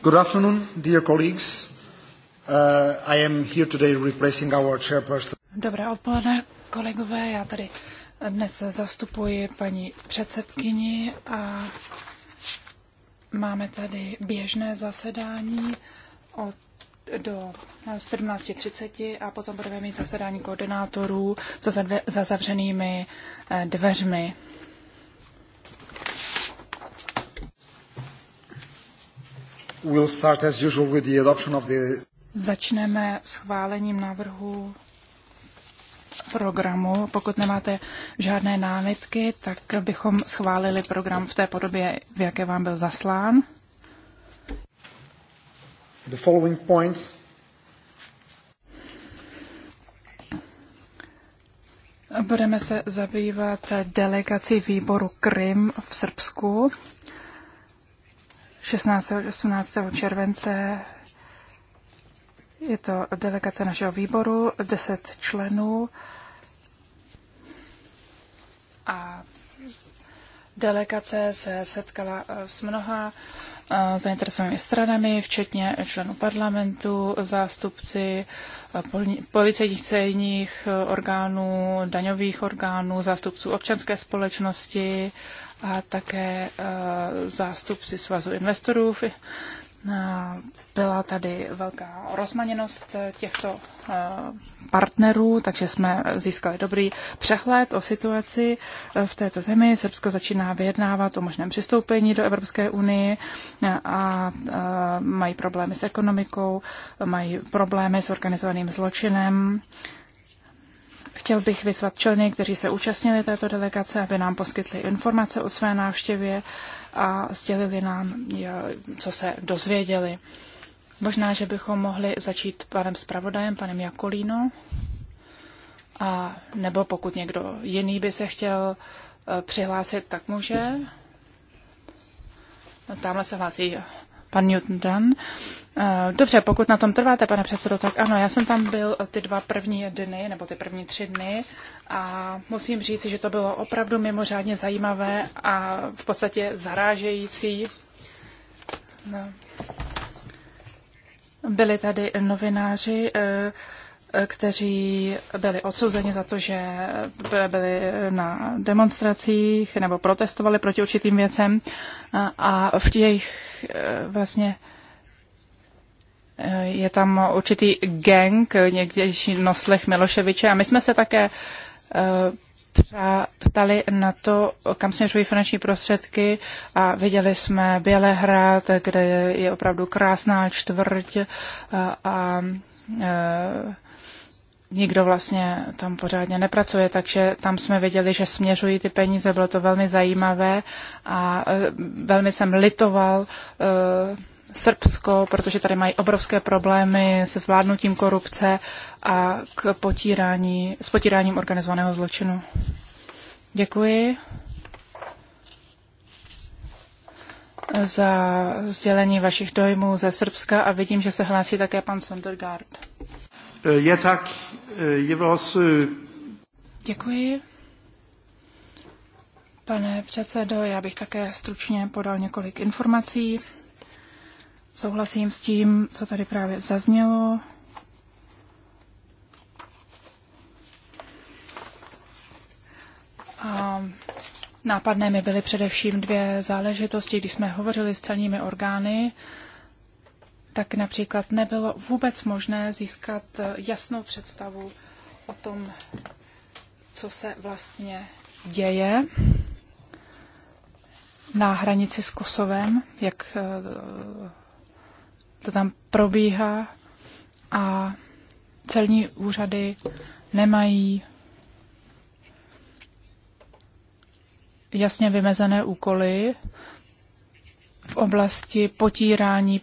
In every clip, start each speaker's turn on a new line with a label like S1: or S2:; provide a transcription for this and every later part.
S1: Good afternoon, dear colleagues. Uh, I am here today replacing our chairperson.
S2: Dobré odpoledne, kolegové. Já tady dnes zastupuji paní předsedkyni a máme tady běžné zasedání od do 17.30 a potom budeme mít zasedání koordinátorů za, za zavřenými eh, dveřmi.
S1: We'll start as usual with the adoption of the...
S2: Začneme schválením návrhu programu. Pokud nemáte žádné námitky, tak bychom schválili program v té podobě, v jaké vám byl zaslán. The following points. Budeme se zabývat delegací výboru Krym v Srbsku. 16. 18. července. Je to delegace našeho výboru, 10 členů. A delegace se setkala eh, s mnoha eh, zainteresovanými stranami, včetně členů parlamentu, zástupci eh, policejních celních orgánů, daňových orgánů, zástupců občanské společnosti a také eh, zástupci Svazu investorů. Byla tady velká rozmaněnost eh, těchto eh, partnerů, takže jsme získali dobrý přehled o situaci v této zemi. Srbsko začíná vyjednávat o možném přistoupení do Evropské unie a mají problémy s ekonomikou, mají problémy s organizovaným zločinem Chtěl bych vyzvat členy, kteří se účastnili této delegace, aby nám poskytli informace o své návštěvě a sdělili nám, co se dozvěděli. Možná, že bychom mohli začít panem zpravodajem, panem Jakolíno, a nebo pokud někdo jiný by se chtěl eh, přihlásit, tak může. Tamhle se hlásí pan Newton Dunn. Eh, dobře, pokud na tom trváte, pane předsedo, tak ano, já jsem tam byl ty dva první dny, nebo ty první tři dny a musím říct, že to bylo opravdu mimořádně zajímavé a v podstatě zarážející. No. Byli tady novináři, eh, kteří byli odsouzeni za to, že byli na demonstracích nebo protestovali proti určitým věcem a v jejich eh, vlastně eh, je tam určitý gang někdejší noslech Miloševiče a my jsme se také eh, ptali na to, kam směřují finanční prostředky a viděli jsme Bělehrad, kde je opravdu krásná čtvrť a, a nikdo vlastně tam pořádně nepracuje, takže tam jsme viděli, že směřují ty peníze, bylo to velmi zajímavé a e, velmi jsem litoval e, Srbsko, protože tady mají obrovské problémy se zvládnutím korupce a k potírání, s potíráním organizovaného zločinu. Děkuji za sdělení vašich dojmů ze Srbska a vidím, že se hlásí také pan Sondergaard.
S1: Eh, ja, tak. Eh, eh,
S2: Děkuji. Pane předsedo, já bych také stručně podal několik informací. Souhlasím s tím, co tady právě zaznělo. A nápadné mi byly především dvě záležitosti, když jsme hovořili s celními orgány tak například nebylo vůbec možné získat eh, jasnou představu o tom, co se vlastně děje na hranici s Kosovem, jak eh, to tam probíhá a celní úřady nemají jasně vymezené úkoly v oblasti potírání,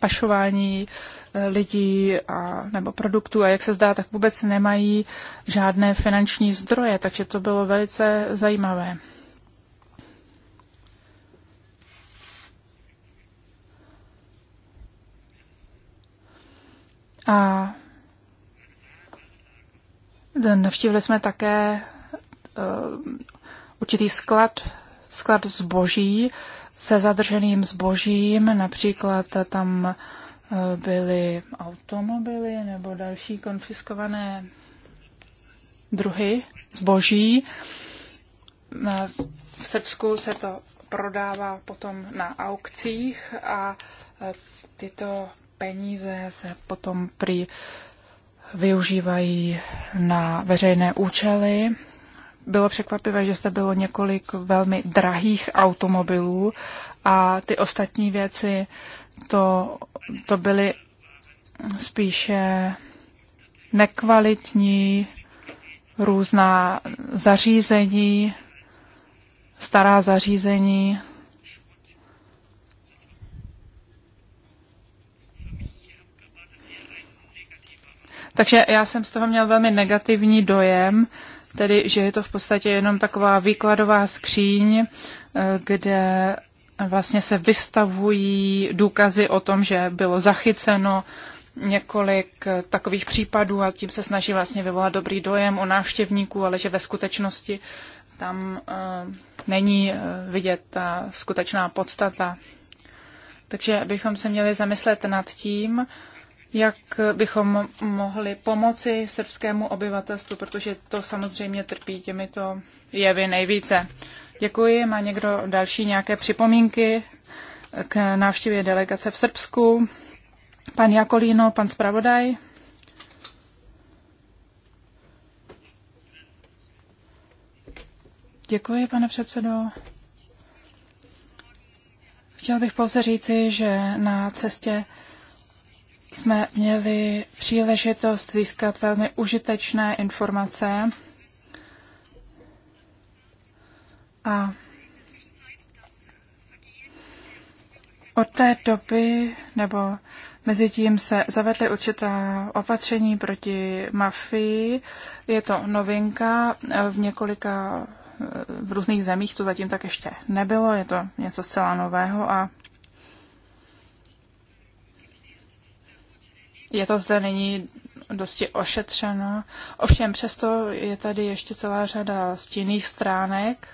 S2: pašování eh, lidí a, nebo produktů a jak se zdá, tak vůbec nemají žádné finanční zdroje, takže to bylo velice zajímavé. A navštívili jsme také uh, určitý sklad, sklad zboží, se zadrženým zbožím, například tam eh, byly automobily nebo další konfiskované druhy zboží. V Srbsku se to prodává potom na aukcích a eh, tyto peníze se potom při využívají na veřejné účely bylo překvapivé, že zde bylo několik velmi drahých automobilů a ty ostatní věci, to, to byly spíše nekvalitní, různá zařízení, stará zařízení. Takže já jsem z toho měl velmi negativní dojem tedy že je to v podstatě jenom taková výkladová skříň, eh, kde vlastně se vystavují důkazy o tom, že bylo zachyceno několik eh, takových případů a tím se snaží vlastně vyvolat dobrý dojem o návštěvníků, ale že ve skutečnosti tam eh, není vidět ta skutečná podstata. Takže bychom se měli zamyslet nad tím, jak bychom mohli pomoci srbskému obyvatelstvu, protože to samozřejmě trpí těmito jevy nejvíce. Děkuji. Má někdo další nějaké připomínky k návštěvě delegace v Srbsku? Pan Jakolíno, pan zpravodaj. Děkuji, pane předsedo. Chtěl bych pouze říci, že na cestě jsme měli příležitost získat velmi užitečné informace a od té doby nebo mezi tím se zavedly určitá opatření proti mafii. Je to novinka eh, v několika eh, v různých zemích to zatím tak ještě nebylo, je to něco zcela nového a je to zde nyní dosti ošetřeno. Ovšem přesto je tady ještě celá řada stinných stránek.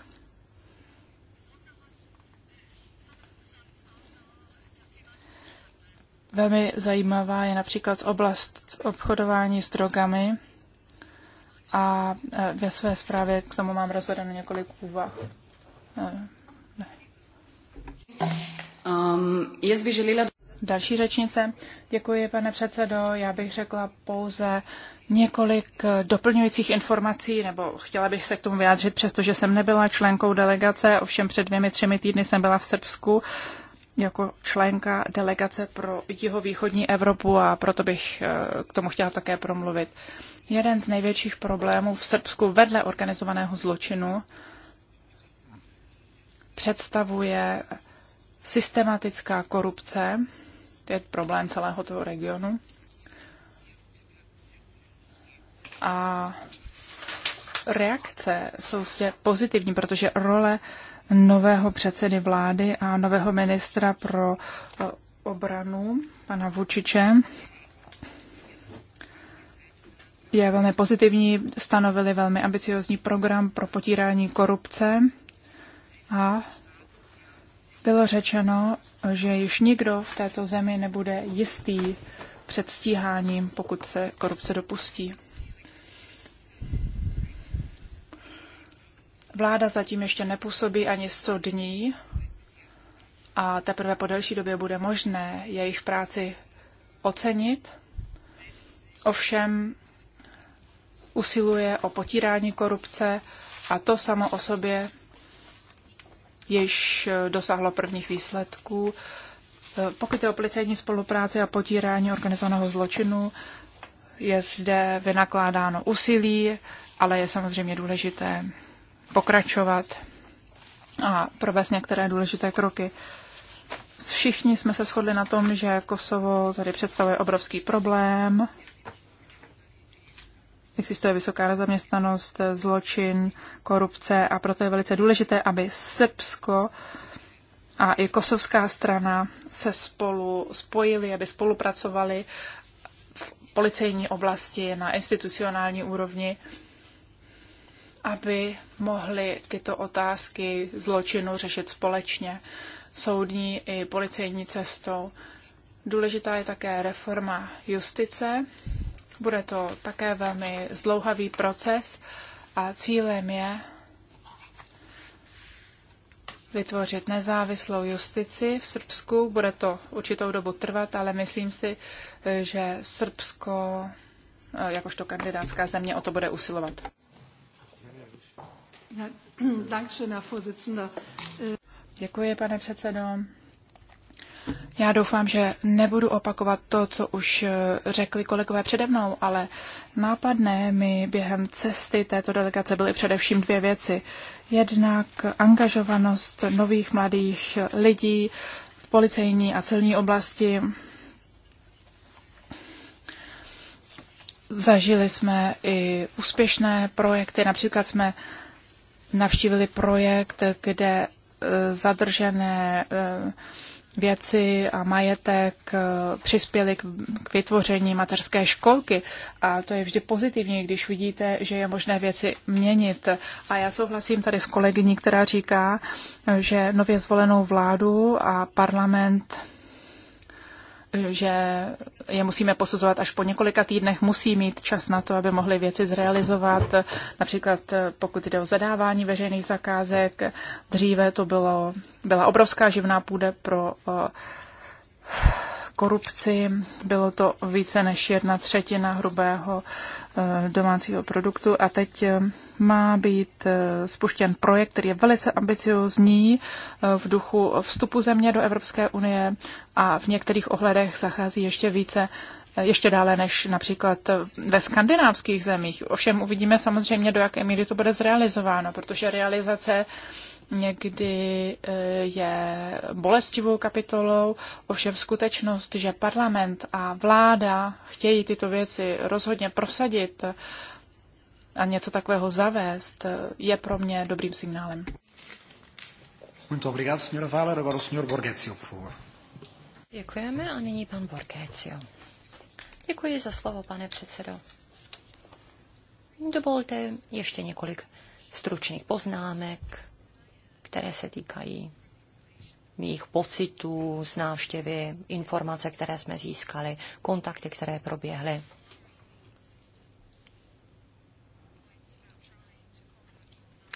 S2: Velmi zajímavá je například oblast obchodování s drogami a e, ve své zprávě k tomu mám rozvedeno několik úvah. E, um, jaz bi želela... Další řečnice. Děkuji, pane předsedo. Já bych řekla pouze několik eh, doplňujících informací, nebo chtěla bych se k tomu vyjádřit, přestože jsem nebyla členkou delegace, ovšem před dvěmi, třemi týdny jsem byla v Srbsku jako členka delegace pro jihovýchodní Evropu a proto bych eh, k tomu chtěla také promluvit. Jeden z největších problémů v Srbsku vedle organizovaného zločinu představuje systematická korupce to je problém celého toho regionu. A reakce jsou zde pozitivní, protože role nového předsedy vlády a nového ministra pro eh, obranu, pana Vučiče, je velmi pozitivní, stanovili velmi ambiciozní program pro potírání korupce a bylo řečeno, že již nikdo v této zemi nebude jistý před stíháním, pokud se korupce dopustí. Vláda zatím ještě nepůsobí ani 100 dní a teprve po delší době bude možné jejich práci ocenit. Ovšem usiluje o potírání korupce a to samo o sobě již eh, dosáhlo prvních výsledků. Eh, pokud je o policejní spolupráci a potírání organizovaného zločinu, je zde vynakládáno úsilí, ale je samozřejmě důležité pokračovat a provést některé důležité kroky. Všichni jsme se shodli na tom, že Kosovo tady představuje obrovský problém existuje vysoká nezaměstnanost, zločin, korupce a proto je velice důležité, aby Srbsko a i kosovská strana se spolu spojili, aby spolupracovali v policejní oblasti na institucionální úrovni, aby mohli tyto otázky zločinu řešit společně soudní i policejní cestou. Důležitá je také reforma justice bude to také velmi zdlouhavý proces a cílem je vytvořit nezávislou justici v Srbsku. Bude to určitou dobu trvat, ale myslím si, že Srbsko eh, jakožto kandidátská země o to bude usilovat. Děkuji, pane předsedo. Já doufám, že nebudu opakovat to, co už eh, řekli kolegové přede mnou, ale nápadné mi během cesty této delegace byly především dvě věci. Jednak angažovanost nových mladých lidí v policejní a celní oblasti. Zažili jsme i úspěšné projekty, například jsme navštívili projekt, kde eh, zadržené eh, věci a majetek eh, přispěly k vytvoření materské školky. A to je vždy pozitivní, když vidíte, že je možné věci měnit. A já souhlasím tady s kolegyní, která říká, eh, že nově zvolenou vládu a parlament že je musíme posuzovat až po několika týdnech, musí mít čas na to, aby mohli věci zrealizovat. Například eh, pokud jde o zadávání veřejných zakázek, dříve to bylo, byla obrovská živná půda pro eh, korupci. Bylo to více než jedna třetina hrubého eh, domácího produktu a teď eh, má být eh, spuštěn projekt, který je velice ambiciozní v duchu vstupu země do Evropské unie a v některých ohledech zachází ještě více ještě dále než například ve skandinávských zemích. Ovšem uvidíme samozřejmě, do jaké míry to bude zrealizováno, protože realizace někdy eh, je bolestivou kapitolou, ovšem skutečnost, že parlament a vláda chtějí tyto věci rozhodně prosadit a něco takového zavést, eh, je pro mě dobrým signálem. Muito obrigado, senhora Valer. Agora o senhor Borghezio, por favor.
S3: Děkujeme a nyní pan Borghezio. Děkuji za slovo, pane předsedo. Dovolte ještě několik stručných poznámek které se týkají mých pocitů z návštěvy, informace, které jsme získali, kontakty, které proběhly.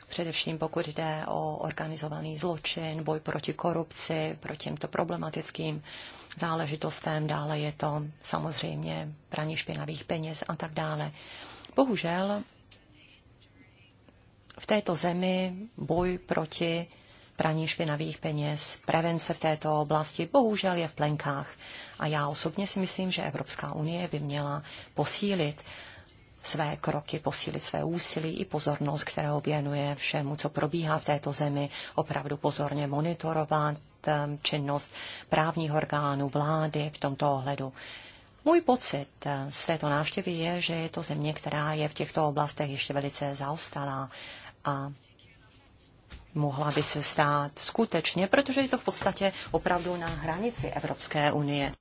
S3: Především pokud jde o organizovaný zločin, boj proti korupci, proti těmto problematickým záležitostem, dále je to samozřejmě praní špinavých peněz a tak dále. Bohužel v této zemi boj proti praní špinavých peněz, prevence v této oblasti bohužel je v plenkách. A já osobně si myslím, že Evropská unie by měla posílit své kroky, posílit své úsilí i pozornost, kterou objenuje všemu, co probíhá v této zemi, opravdu pozorně monitorovat ehm, činnost právních orgánů, vlády v tomto ohledu. Můj pocit ehm, z této návštěvy je, že je to země, která je v těchto oblastech ještě velice zaostalá a mohla by se stát skutečně, protože je to v podstatě opravdu na hranici Evropské unie.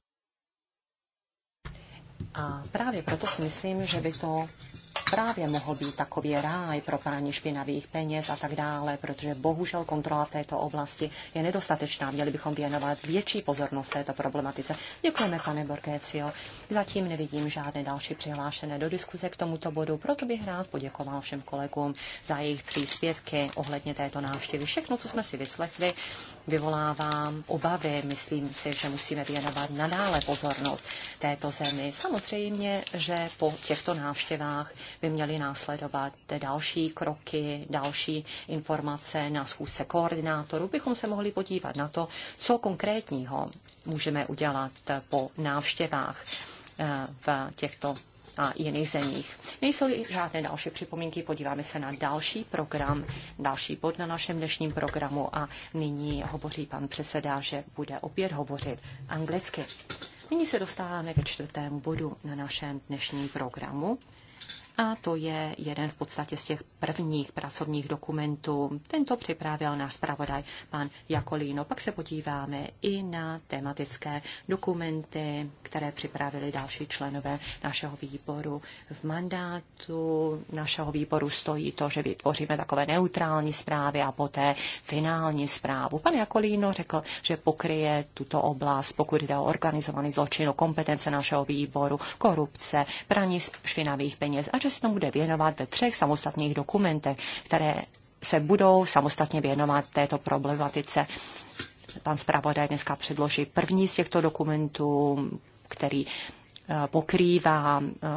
S3: A právě proto si myslím, že by to právě mohl být takový ráj pro praní špinavých peněz a tak dále, protože bohužel kontrola v této oblasti je nedostatečná. Měli bychom věnovat větší pozornost této problematice. Děkujeme, pane Borgecio. Zatím nevidím žádné další přihlášené do diskuze k tomuto bodu, proto bych rád poděkoval všem kolegům za jejich příspěvky ohledně této návštěvy. Všechno, co jsme si vyslechli, vyvolávám obavy. Myslím si, že musíme věnovat nadále pozornost této zemi. Samozřejmě, že po těchto návštěvách by měly následovat další kroky, další informace na schůzce koordinátorů, bychom se mohli podívat na to, co konkrétního můžeme udělat po návštěvách v těchto a jiných zemích. nejsou žádné další připomínky, podíváme se na další program, další bod na našem dnešním programu a nyní hovoří pan předseda, že bude opět hovořit anglicky. Nyní se dostáváme ke čtvrtému bodu na našem dnešním programu a to je jeden v podstatě z těch prvních pracovních dokumentů. Tento připravil náš zpravodaj pan Jakolíno. Pak se podíváme i na tematické dokumenty, které připravili další členové našeho výboru. V mandátu našeho výboru stojí to, že vytvoříme takové neutrální zprávy a poté finální zprávu. Pan Jakolíno řekl, že pokryje tuto oblast, pokud jde o organizovaný zločin, O kompetence našeho výboru, korupce, praní špinavých peněz a protože se tomu bude věnovat ve třech samostatných dokumentech, které se budou samostatně věnovat této problematice. Pan zpravodaj dneska předloží první z těchto dokumentů, který eh, pokrývá eh,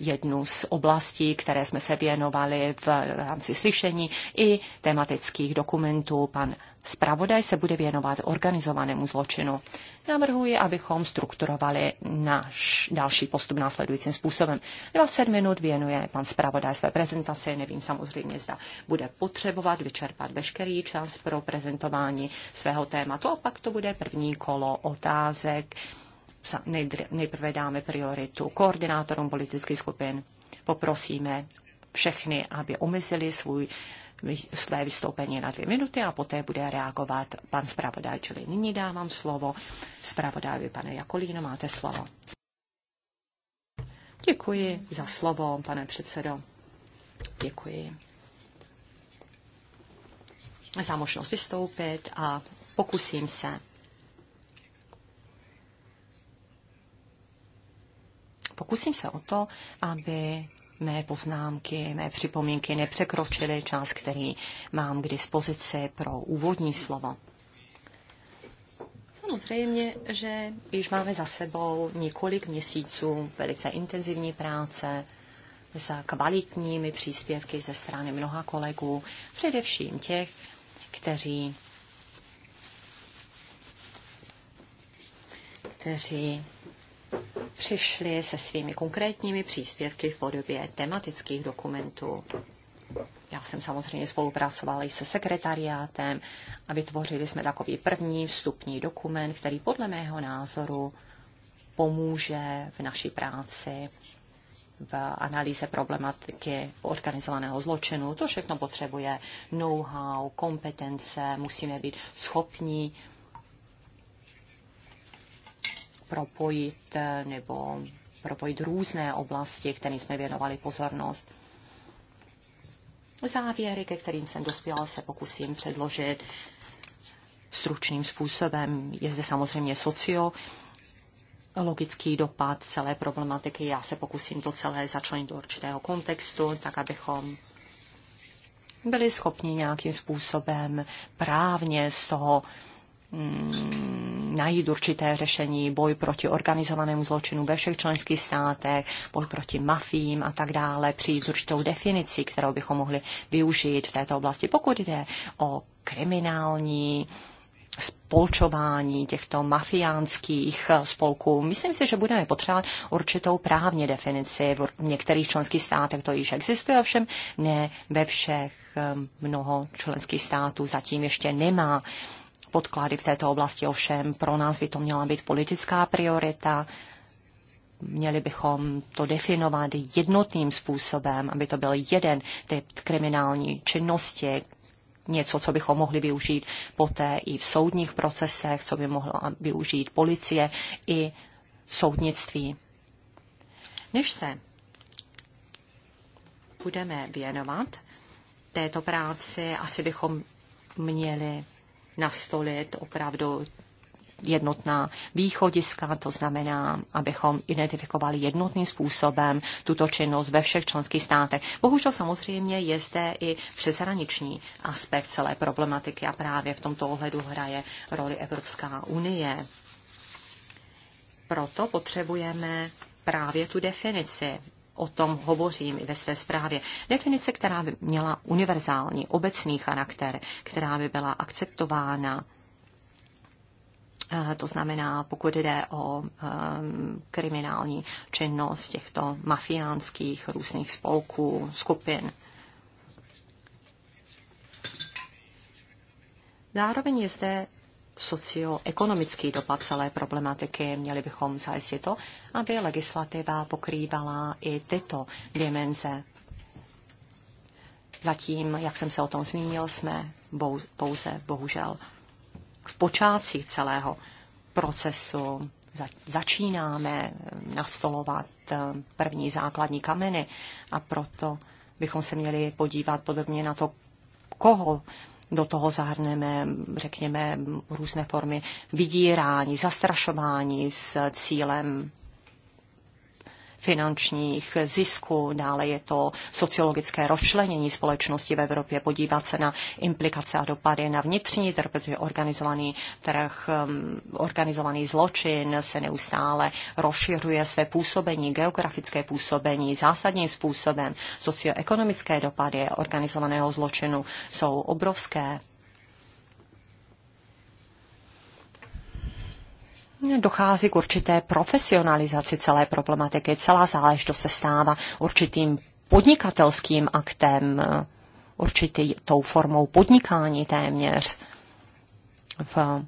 S3: jednu z oblastí, které jsme se věnovali v rámci slyšení, i tematických dokumentů. Pan Spravodaj se bude věnovat organizovanému zločinu. Navrhuji, abychom strukturovali náš další postup následujícím způsobem. 20 minut věnuje pan zpravodaj své prezentaci, nevím samozřejmě, zda bude potřebovat vyčerpat veškerý čas pro prezentování svého tématu a pak to bude první kolo otázek. Nejprve dáme prioritu koordinátorům politických skupin, poprosíme všechny, aby omezili svůj své vystoupení na dvě minuty a poté bude reagovat pan zpravodaj. Čili nyní dávám slovo zpravodajovi, pane Jakolíno, máte slovo. Děkuji za slovo, pane předsedo. Děkuji za možnost vystoupit a pokusím se pokusím se o to, aby mé poznámky, mé připomínky nepřekročily čas, který mám k dispozici pro úvodní slovo. Samozřejmě, že již máme za sebou několik měsíců velice intenzivní práce za kvalitními příspěvky ze strany mnoha kolegů, především těch, kteří kteří přišli se svými konkrétními příspěvky v podobě tematických dokumentů. Já jsem samozřejmě spolupracovala i se sekretariátem a vytvořili jsme takový první vstupní dokument, který podle mého názoru pomůže v naší práci v analýze problematiky organizovaného zločinu. To všechno potřebuje know-how, kompetence, musíme být schopní propojit eh, nebo propojit různé oblasti, kterým jsme věnovali pozornost. Závěry, ke kterým jsem dospěla, se pokusím předložit stručným způsobem. Je zde samozřejmě socio logický dopad celé problematiky. Já se pokusím to celé začlenit do určitého kontextu, tak abychom byli schopni nějakým způsobem právně z toho Mm, najít určité řešení, boj proti organizovanému zločinu ve všech členských státech, boj proti mafím a tak dále, přijít s určitou definicí, kterou bychom mohli využít v této oblasti. Pokud jde o kriminální spolčování těchto mafiánských spolků. Myslím si, že budeme potřebovat určitou právně definici. V některých členských státech to již existuje, ovšem ne ve všech eh, mnoho členských států zatím ještě nemá podklady v této oblasti. Ovšem pro nás by to měla být politická priorita. Měli bychom to definovat jednotným způsobem, aby to byl jeden typ kriminální činnosti, něco, co bychom mohli využít poté i v soudních procesech, co by mohla využít policie i v soudnictví. Než se budeme věnovat této práci, asi bychom měli nastolit opravdu jednotná východiska, to znamená, abychom identifikovali jednotným způsobem tuto činnost ve všech členských státech. Bohužel samozřejmě je zde i přeshraniční aspekt celé problematiky a právě v tomto ohledu hraje roli Evropská unie. Proto potřebujeme právě tu definici o tom hovořím i ve své zprávě. Definice, která by měla univerzální, obecný charakter, která by byla akceptována eh, to znamená, pokud jde o um, kriminální činnost těchto mafiánských různých spolků, skupin. Zároveň je zde socioekonomický dopad celé problematiky. Měli bychom zajistit to, aby legislativa pokrývala i tyto dimenze. Zatím, jak jsem se o tom zmínil, jsme pouze bohužel v počátcích celého procesu. Začínáme nastolovat eh, první základní kameny a proto bychom se měli podívat podobně na to, koho do toho zahrneme, řekněme, různé formy vydírání, zastrašování s cílem finančních zisků, dále je to sociologické rozčlenění společnosti v Evropě, podívat se na implikace a dopady na vnitřní trh, protože organizovaný trh, um, organizovaný zločin se neustále rozšiřuje své působení, geografické působení zásadním způsobem. Socioekonomické dopady organizovaného zločinu jsou obrovské. dochází k určité profesionalizaci celé problematiky. Celá záležitost se stává určitým podnikatelským aktem, určitou tou formou podnikání téměř v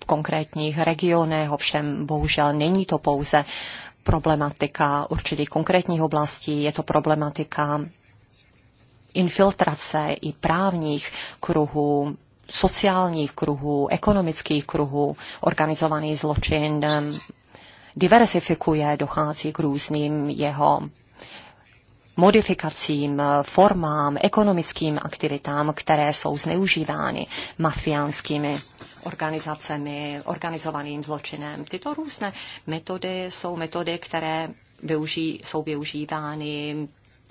S3: v konkrétních regionech, ovšem bohužel není to pouze problematika určitých konkrétních oblastí, je to problematika infiltrace i právních kruhů, sociálních kruhů, ekonomických kruhů, organizovaný zločin diversifikuje, dochází k různým jeho modifikacím, formám, ekonomickým aktivitám, které jsou zneužívány mafiánskými organizacemi, organizovaným zločinem. Tyto různé metody jsou metody, které využí, jsou využívány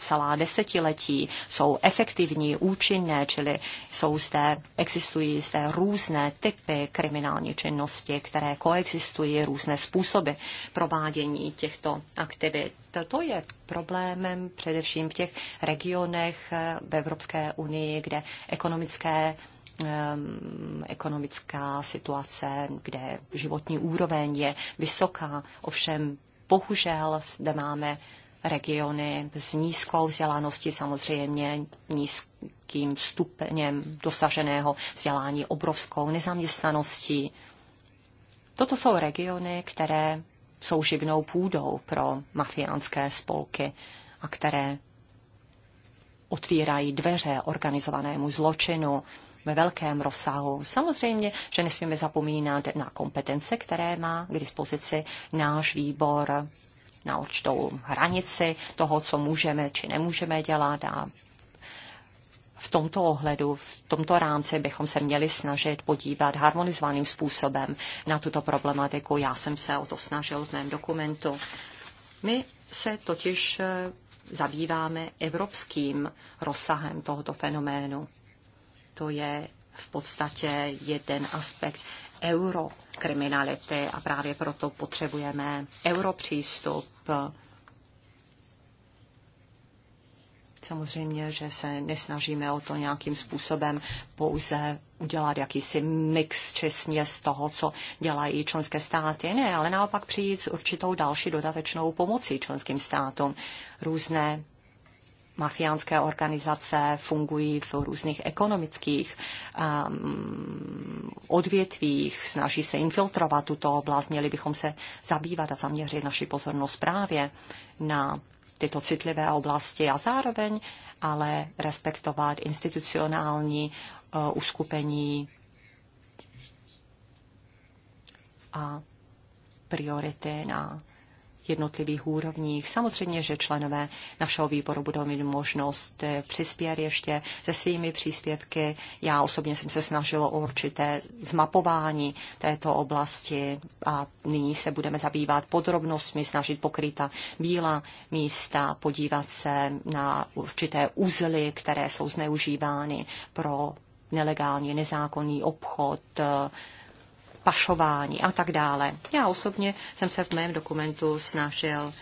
S3: celá desetiletí, jsou efektivní, účinné, čili jsou zde, existují zde různé typy kriminální činnosti, které koexistují, různé způsoby provádění těchto aktivit. To je problémem především v těch regionech eh, v Evropské unii, kde ekonomické ehm, ekonomická situace, kde životní úroveň je vysoká. Ovšem, bohužel, zde máme regiony s nízkou vzdělaností, samozřejmě nízkým stupněm dosaženého vzdělání, obrovskou nezaměstnaností. Toto jsou regiony, které jsou živnou půdou pro mafiánské spolky a které otvírají dveře organizovanému zločinu ve velkém rozsahu. Samozřejmě, že nesmíme zapomínat na kompetence, které má k dispozici náš výbor na určitou hranici toho, co můžeme či nemůžeme dělat a v tomto ohledu, v tomto rámci bychom se měli snažit podívat harmonizovaným způsobem na tuto problematiku. Já jsem se o to snažil v mém dokumentu. My se totiž eh, zabýváme evropským rozsahem tohoto fenoménu. To je v podstatě jeden aspekt eurokriminality a právě proto potřebujeme europřístup. Samozřejmě, že se nesnažíme o to nějakým způsobem pouze udělat jakýsi mix či směs toho, co dělají členské státy. Ne, ale naopak přijít s určitou další dodatečnou pomocí členským státům. Různé mafiánské organizace fungují v různých ekonomických um, odvětvích, snaží se infiltrovat tuto oblast. Měli bychom se zabývat a zaměřit naši pozornost právě na tyto citlivé oblasti a zároveň ale respektovat institucionální uh, uskupení a priority na jednotlivých úrovních. Samozřejmě, že členové našeho výboru budou mít možnost eh, přispět ještě se svými příspěvky. Já osobně jsem se snažila o určité zmapování této oblasti a nyní se budeme zabývat podrobnostmi, snažit pokryt ta bílá místa, podívat se na určité úzly, které jsou zneužívány pro nelegální, nezákonný obchod, pašování a tak dále. Já osobně jsem se v mém dokumentu snažil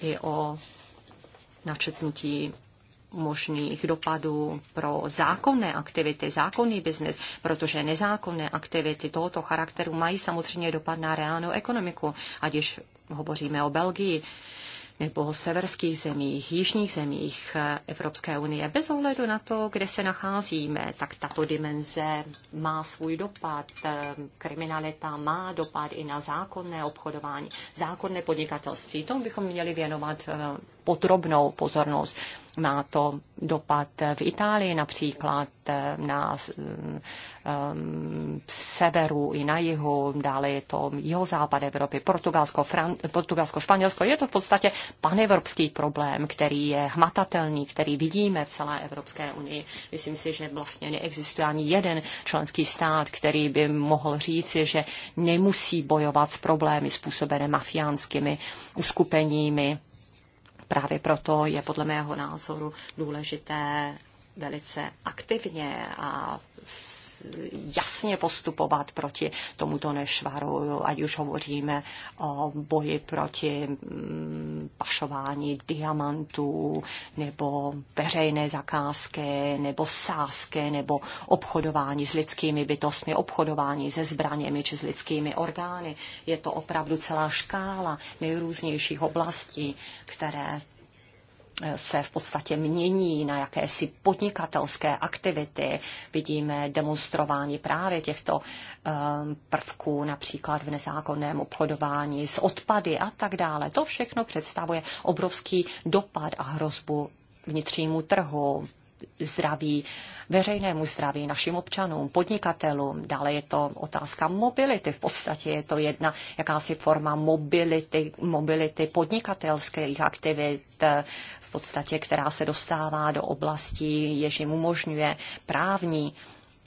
S3: i o načetnutí možných dopadů pro zákonné aktivity, zákonný biznis, protože nezákonné aktivity tohoto charakteru mají samozřejmě dopad na reálnou ekonomiku, ať již hovoříme o Belgii nebo severských zemích, jižních zemích eh, Evropské unie. Bez ohledu na to, kde se nacházíme, tak tato dimenze má svůj dopad. Eh, kriminalita má dopad i na zákonné obchodování, zákonné podnikatelství. Tomu bychom měli věnovat eh, podrobnou pozornost. Má to dopad v Itálii například eh, na um, severu i na jihu, dále je to západ Evropy, Portugalsko, Fran- Portugalsko, Španělsko. Je to v podstatě panevropský problém, který je hmatatelný, který vidíme v celé Evropské unii. Myslím si, že vlastně neexistuje ani jeden členský stát, který by mohl říci, že nemusí bojovat s problémy způsobené mafiánskými uskupeními právě proto je podle mého názoru důležité velice aktivně a jasně postupovat proti tomuto nešvaru, ať už hovoříme o boji proti mm, pašování diamantů, nebo veřejné zakázky, nebo sásky, nebo obchodování s lidskými bytostmi, obchodování se zbraněmi či s lidskými orgány. Je to opravdu celá škála nejrůznějších oblastí, které se v podstatě mění na jakési podnikatelské aktivity. Vidíme demonstrování právě těchto ehm, prvků, například v nezákonném obchodování s odpady a tak dále. To všechno představuje obrovský dopad a hrozbu vnitřnímu trhu, zdraví, veřejnému zdraví, našim občanům, podnikatelům. Dále je to otázka mobility. V podstatě je to jedna jakási forma mobility, mobility podnikatelských aktivit, v podstatě, která se dostává do oblasti, jež jim umožňuje právní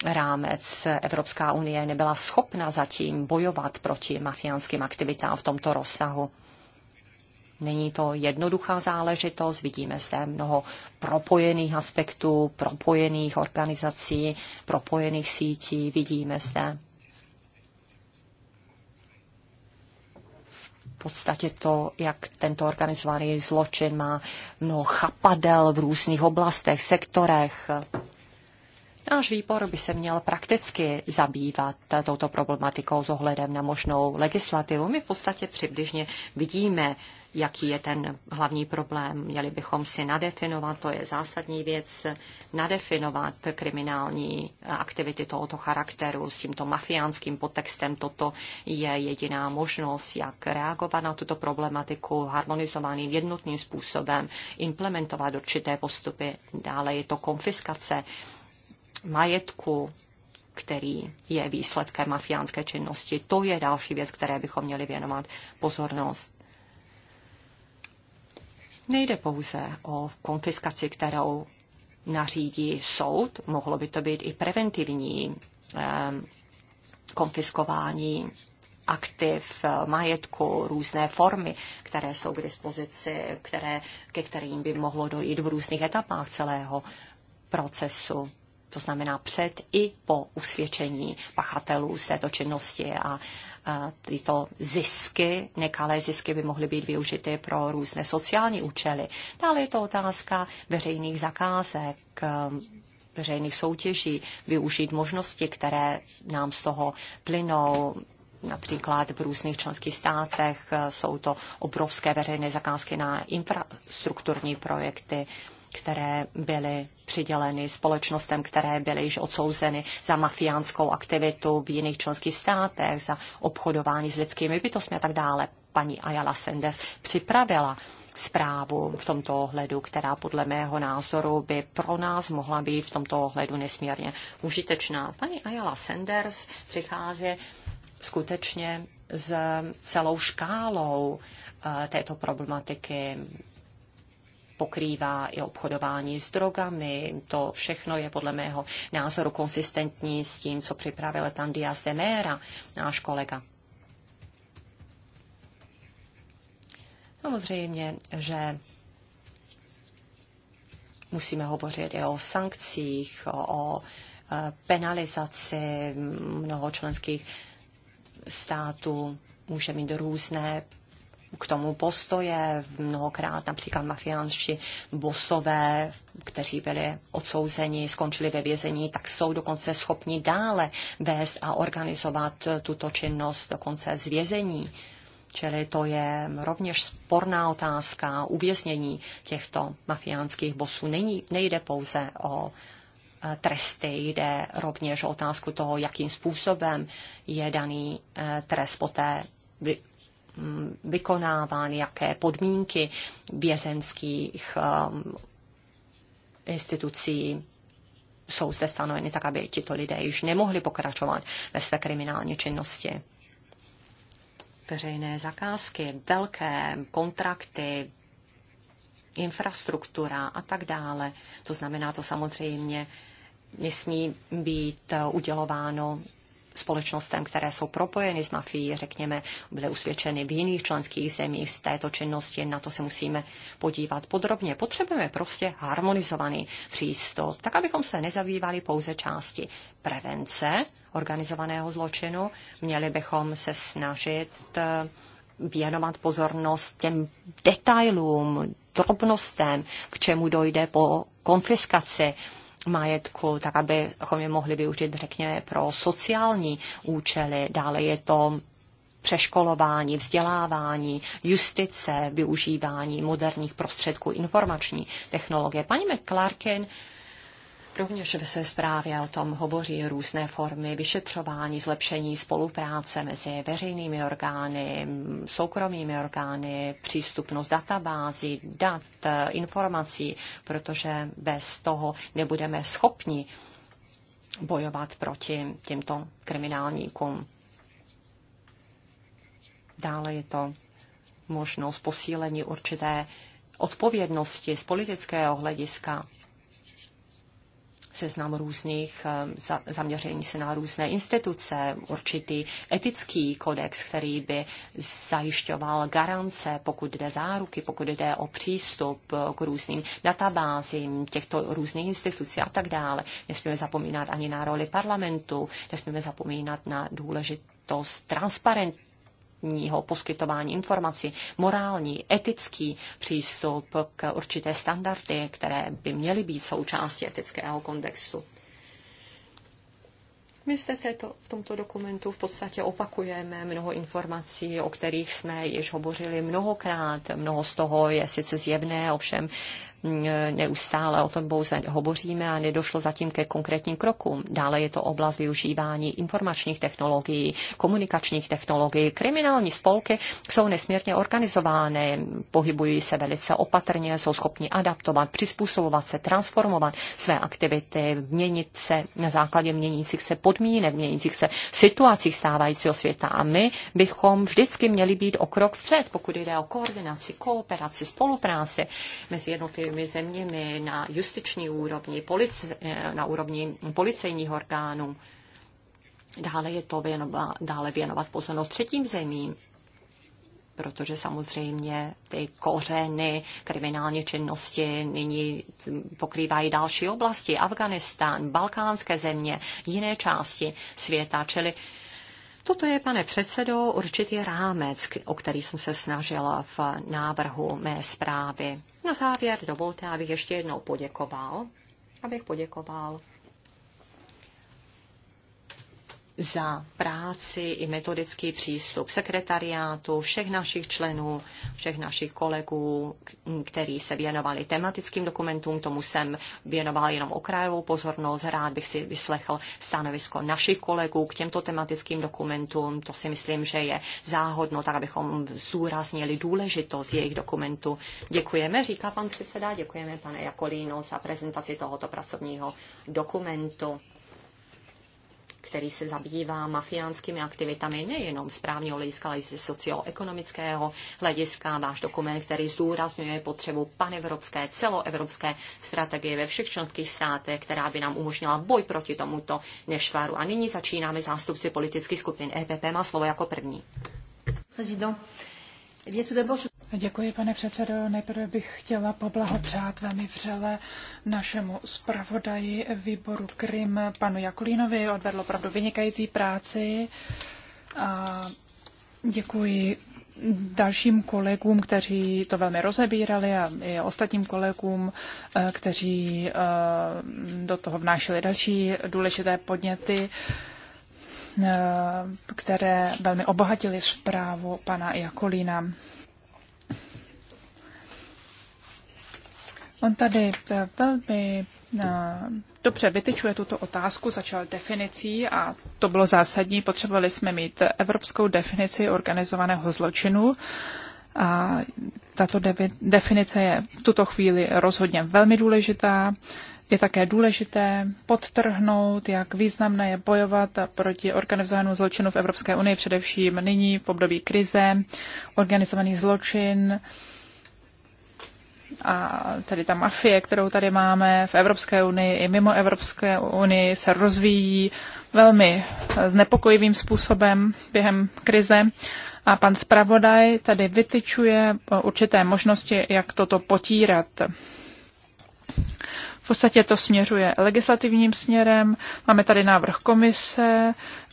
S3: rámec Evropská unie nebyla schopna zatím bojovat proti mafiánským aktivitám v tomto rozsahu. Není to jednoduchá záležitost, vidíme zde mnoho propojených aspektů, propojených organizací, propojených sítí, vidíme zde podstatě to, jak tento organizovaný zločin má mnoho chapadel v různých oblastech, sektorech. Náš výbor by se měl prakticky zabývat touto problematikou s ohledem na možnou legislativu. My v podstatě přibližně vidíme jaký je ten hlavní problém. Měli bychom si nadefinovat, to je zásadní věc, nadefinovat kriminální aktivity tohoto charakteru s tímto mafiánským podtextem. Toto je jediná možnost, jak reagovat na tuto problematiku harmonizovaným jednotným způsobem, implementovat určité postupy. Dále je to konfiskace majetku, který je výsledkem mafiánské činnosti. To je další věc, které bychom měli věnovat pozornost. Nejde pouze o konfiskaci, kterou nařídí soud, mohlo by to být i preventivní ehm, konfiskování aktiv, majetku, různé formy, které jsou k dispozici, které, ke kterým by mohlo dojít v různých etapách celého procesu. To znamená před i po usvědčení pachatelů z této činnosti a tyto zisky, nekalé zisky by mohly být využity pro různé sociální účely. Dále je to otázka veřejných zakázek, um, veřejných soutěží, využít možnosti, které nám z toho plynou, Například v různých členských státech uh, jsou to obrovské veřejné zakázky na infrastrukturní projekty, které byly přiděleny společnostem, které byly již odsouzeny za mafiánskou aktivitu v jiných členských státech, za obchodování s lidskými bytostmi a tak dále. Paní Ayala Sendes připravila zprávu v tomto ohledu, která podle mého názoru by pro nás mohla být v tomto ohledu nesmírně užitečná. Paní Ayala Sanders přichází skutečně s celou škálou eh, této problematiky pokrývá i obchodování s drogami. To všechno je podle mého názoru konsistentní s tím, co připravil tam Diaz de Mera, náš kolega. Samozřejmě, že musíme hovořit i o sankcích, o e, penalizaci mnoho členských států může mít různé k tomu postoje, mnohokrát například mafiánši bosové, kteří byli odsouzeni, skončili ve vězení, tak jsou dokonce schopni dále vést a organizovat tuto činnost dokonce z vězení. Čili to je rovněž sporná otázka uvěznění těchto mafiánských bosů. Není, nejde pouze o e, tresty, jde rovněž o otázku toho, jakým způsobem je daný e, trest poté Mm, vykonáván, jaké podmínky vězenských um, institucí jsou zde stanoveny tak, aby tito lidé již nemohli pokračovat ve své kriminální činnosti. Veřejné zakázky, velké kontrakty, infrastruktura a tak dále. To znamená, to samozřejmě nesmí být eh, udělováno společnostem, které jsou propojeny s mafií, řekněme, byly usvědčeny v jiných členských zemích z této činnosti. Na to se musíme podívat podrobně. Potřebujeme prostě harmonizovaný přístup, tak abychom se nezabývali pouze části prevence organizovaného zločinu. Měli bychom se snažit eh, věnovat pozornost těm detailům, drobnostem, k čemu dojde po konfiskaci majetku, tak abychom je mohli využít, řekněme, pro sociální účely. Dále je to přeškolování, vzdělávání, justice, využívání moderních prostředků informační technologie. Paní McClarkin Rovněž ve své zprávě o tom hovoří různé formy vyšetřování, zlepšení spolupráce mezi veřejnými orgány, soukromými orgány, přístupnost databází, dat, informací, protože bez toho nebudeme schopni bojovat proti těmto kriminálníkům. Dále je to možnost posílení určité odpovědnosti z politického hlediska seznam různých eh, zaměření se na různé instituce, určitý etický kodex, který by zajišťoval garance, pokud jde záruky, pokud jde o přístup eh, k různým databázím těchto různých institucí a tak dále. Nesmíme zapomínat ani na roli parlamentu, nesmíme zapomínat na důležitost transparentnosti kvalitního poskytování informací, morální, etický přístup k určité standardy, které by měly být součástí etického kontextu. My zde této, v tomto dokumentu v podstatě opakujeme mnoho informací, o kterých jsme již hovořili mnohokrát. Mnoho z toho je sice zjevné, ovšem neustále o tom pouze hovoříme a nedošlo zatím ke konkrétním krokům. Dále je to oblast využívání informačních technologií, komunikačních technologií. Kriminální spolky jsou nesmírně organizovány, pohybují se velice opatrně, jsou schopni adaptovat, přizpůsobovat se, transformovat své aktivity, měnit se na základě měnících se podmínek, měnících se situací stávajícího světa. A my bychom vždycky měli být o krok vpřed, pokud jde o koordinaci, kooperaci, spolupráci mezi jednotlivými členskými zeměmi na justiční úrovni, polici, eh, na úrovni policejních orgánů. Dále je to věnovat, dále věnovat pozornost třetím zemím, protože samozřejmě ty kořeny kriminální činnosti nyní pokrývají další oblasti, Afganistán, balkánské země, jiné části světa, čili Toto je, pane předsedo, určitý rámec, o který jsem se snažila v návrhu mé zprávy. Na závěr dovolte, abych ještě jednou poděkoval, abych poděkoval za práci i metodický přístup sekretariátu, všech našich členů, všech našich kolegů, kteří se věnovali tematickým dokumentům. Tomu jsem věnoval jenom okrajovou pozornost. Rád bych si vyslechl stanovisko našich kolegů k těmto tematickým dokumentům. To si myslím, že je záhodno, tak abychom zúraznili důležitost jejich dokumentů. Děkujeme, říká pan předseda, děkujeme pane Jakolíno za prezentaci tohoto pracovního dokumentu který se zabývá mafiánskými aktivitami nejenom z právního hlediska, ale i ze socioekonomického hlediska. Váš dokument, který zdůrazňuje potřebu panevropské, celoevropské strategie ve všech členských státech, která by nám umožnila boj proti tomuto nešvaru. A nyní začínáme zástupci politických skupin. EPP má slovo jako první. Prezident.
S2: Děkuji, pane předsedo. Nejprve bych chtěla poblahopřát velmi vřele našemu zpravodaji výboru Krym, panu Jakulínovi. Odvedl opravdu vynikající práci. A děkuji dalším kolegům, kteří to velmi rozebírali a i ostatním kolegům, eh, kteří eh, do toho vnášeli další důležité podněty. Eh, které velmi obohatily zprávu pana Jakolína. On tady eh, velmi eh, dobře vytyčuje tuto otázku, začal definicí a to bylo zásadní. Potřebovali jsme mít evropskou definici organizovaného zločinu. A tato definice je v tuto chvíli rozhodně velmi důležitá. Je také důležité podtrhnout, jak významné je bojovat proti organizovanému zločinu v Evropské unii, především nyní v období krize, organizovaný zločin a tedy ta mafie, kterou tady máme v Evropské unii i mimo Evropské unii, se rozvíjí velmi znepokojivým způsobem během krize. A pan zpravodaj tady vytyčuje určité možnosti, jak toto potírat podstatě to směřuje legislativním směrem. Máme tady návrh komise,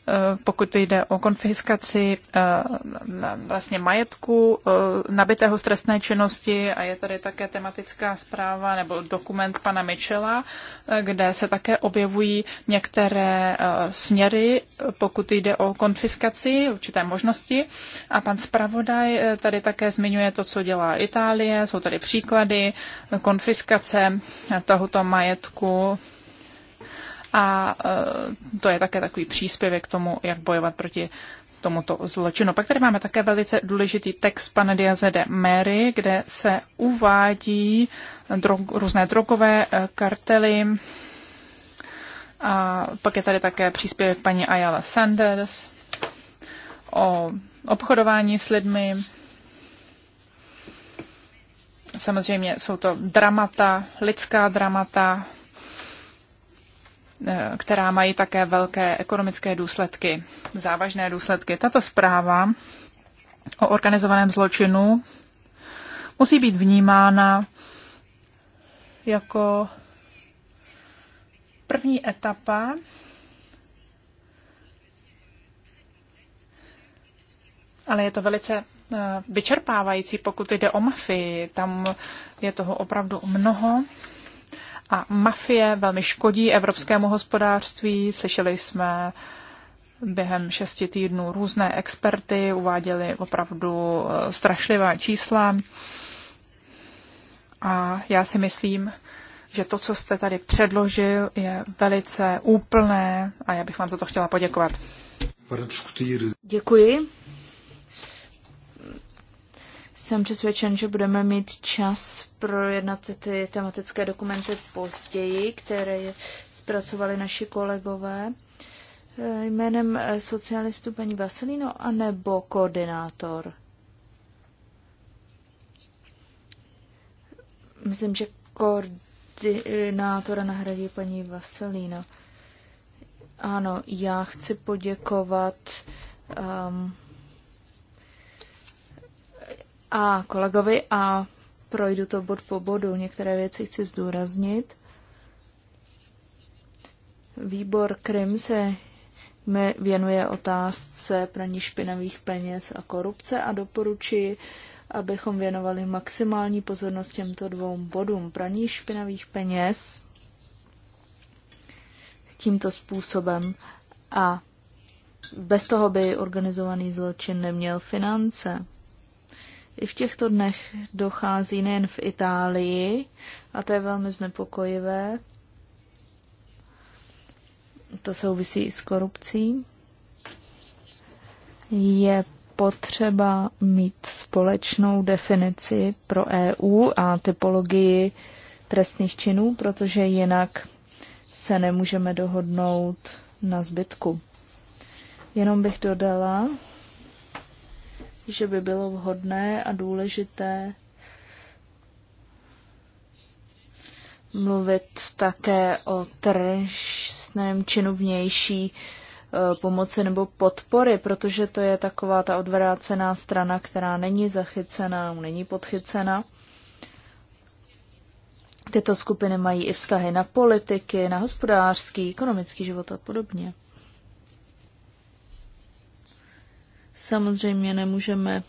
S2: Eh, pokud jde o konfiskaci eh, vlastně majetku eh, nabitého z trestné činnosti a je tady také tematická zpráva nebo dokument pana Michela, kde se také objevují některé směry, pokud jde o konfiskaci, určité možnosti. A pan zpravodaj tady také zmiňuje to, co dělá Itálie, jsou tady příklady konfiskace tohoto majetku a e, to je také takový příspěvek k tomu, jak bojovat proti tomuto zločinu. Pak tady máme také velice důležitý text pana Diaze de Mary, kde se uvádí drog, různé drogové e, kartely. A pak je tady také příspěvek paní Ayala Sanders o obchodování s lidmi. Samozřejmě jsou to dramata, lidská dramata, E, která mají také velké ekonomické důsledky, závažné důsledky. Tato zpráva o organizovaném zločinu musí být vnímána jako první etapa Ale je to velice e, vyčerpávající, pokud jde o mafii. Tam je toho opravdu mnoho a mafie velmi škodí evropskému hospodářství. Slyšeli jsme během šesti týdnů různé experty, uváděli opravdu eh, strašlivá čísla. A já si myslím, že to, co jste tady předložil, je velice úplné a já bych vám za to chtěla poděkovat. Děkuji. Jsem přesvědčen,
S1: že budeme mít čas projednat ty tematické dokumenty později, které zpracovali naši kolegové. Eh, jménem eh, socialistů paní Vaselino anebo koordinátor? Myslím, že koordinátora nahradí paní Vaselino. Ano, já chci poděkovat um, a kolegovi a projdu to bod po bodu. Některé věci chci zdůraznit. Výbor Krim se věnuje otázce praní špinavých peněz a korupce a doporučuji, abychom věnovali maximální pozornost těmto dvou bodům. Praní špinavých peněz tímto způsobem a bez toho by organizovaný zločin neměl finance. I v těchto dnech dochází nejen v Itálii, a to je velmi znepokojivé. To souvisí i s korupcí. Je potřeba mít společnou definici pro EU a typologii trestných činů, protože jinak se nemůžeme dohodnout na zbytku. Jenom bych dodala, že by bylo vhodné a důležité mluvit také o trestném činu vnější e, pomoci nebo podpory, protože to je taková ta odvrácená strana, která není zachycená, není podchycena. Tyto skupiny mají i vztahy na politiky, na hospodářský, ekonomický život a podobně. Samozřejmě nemůžeme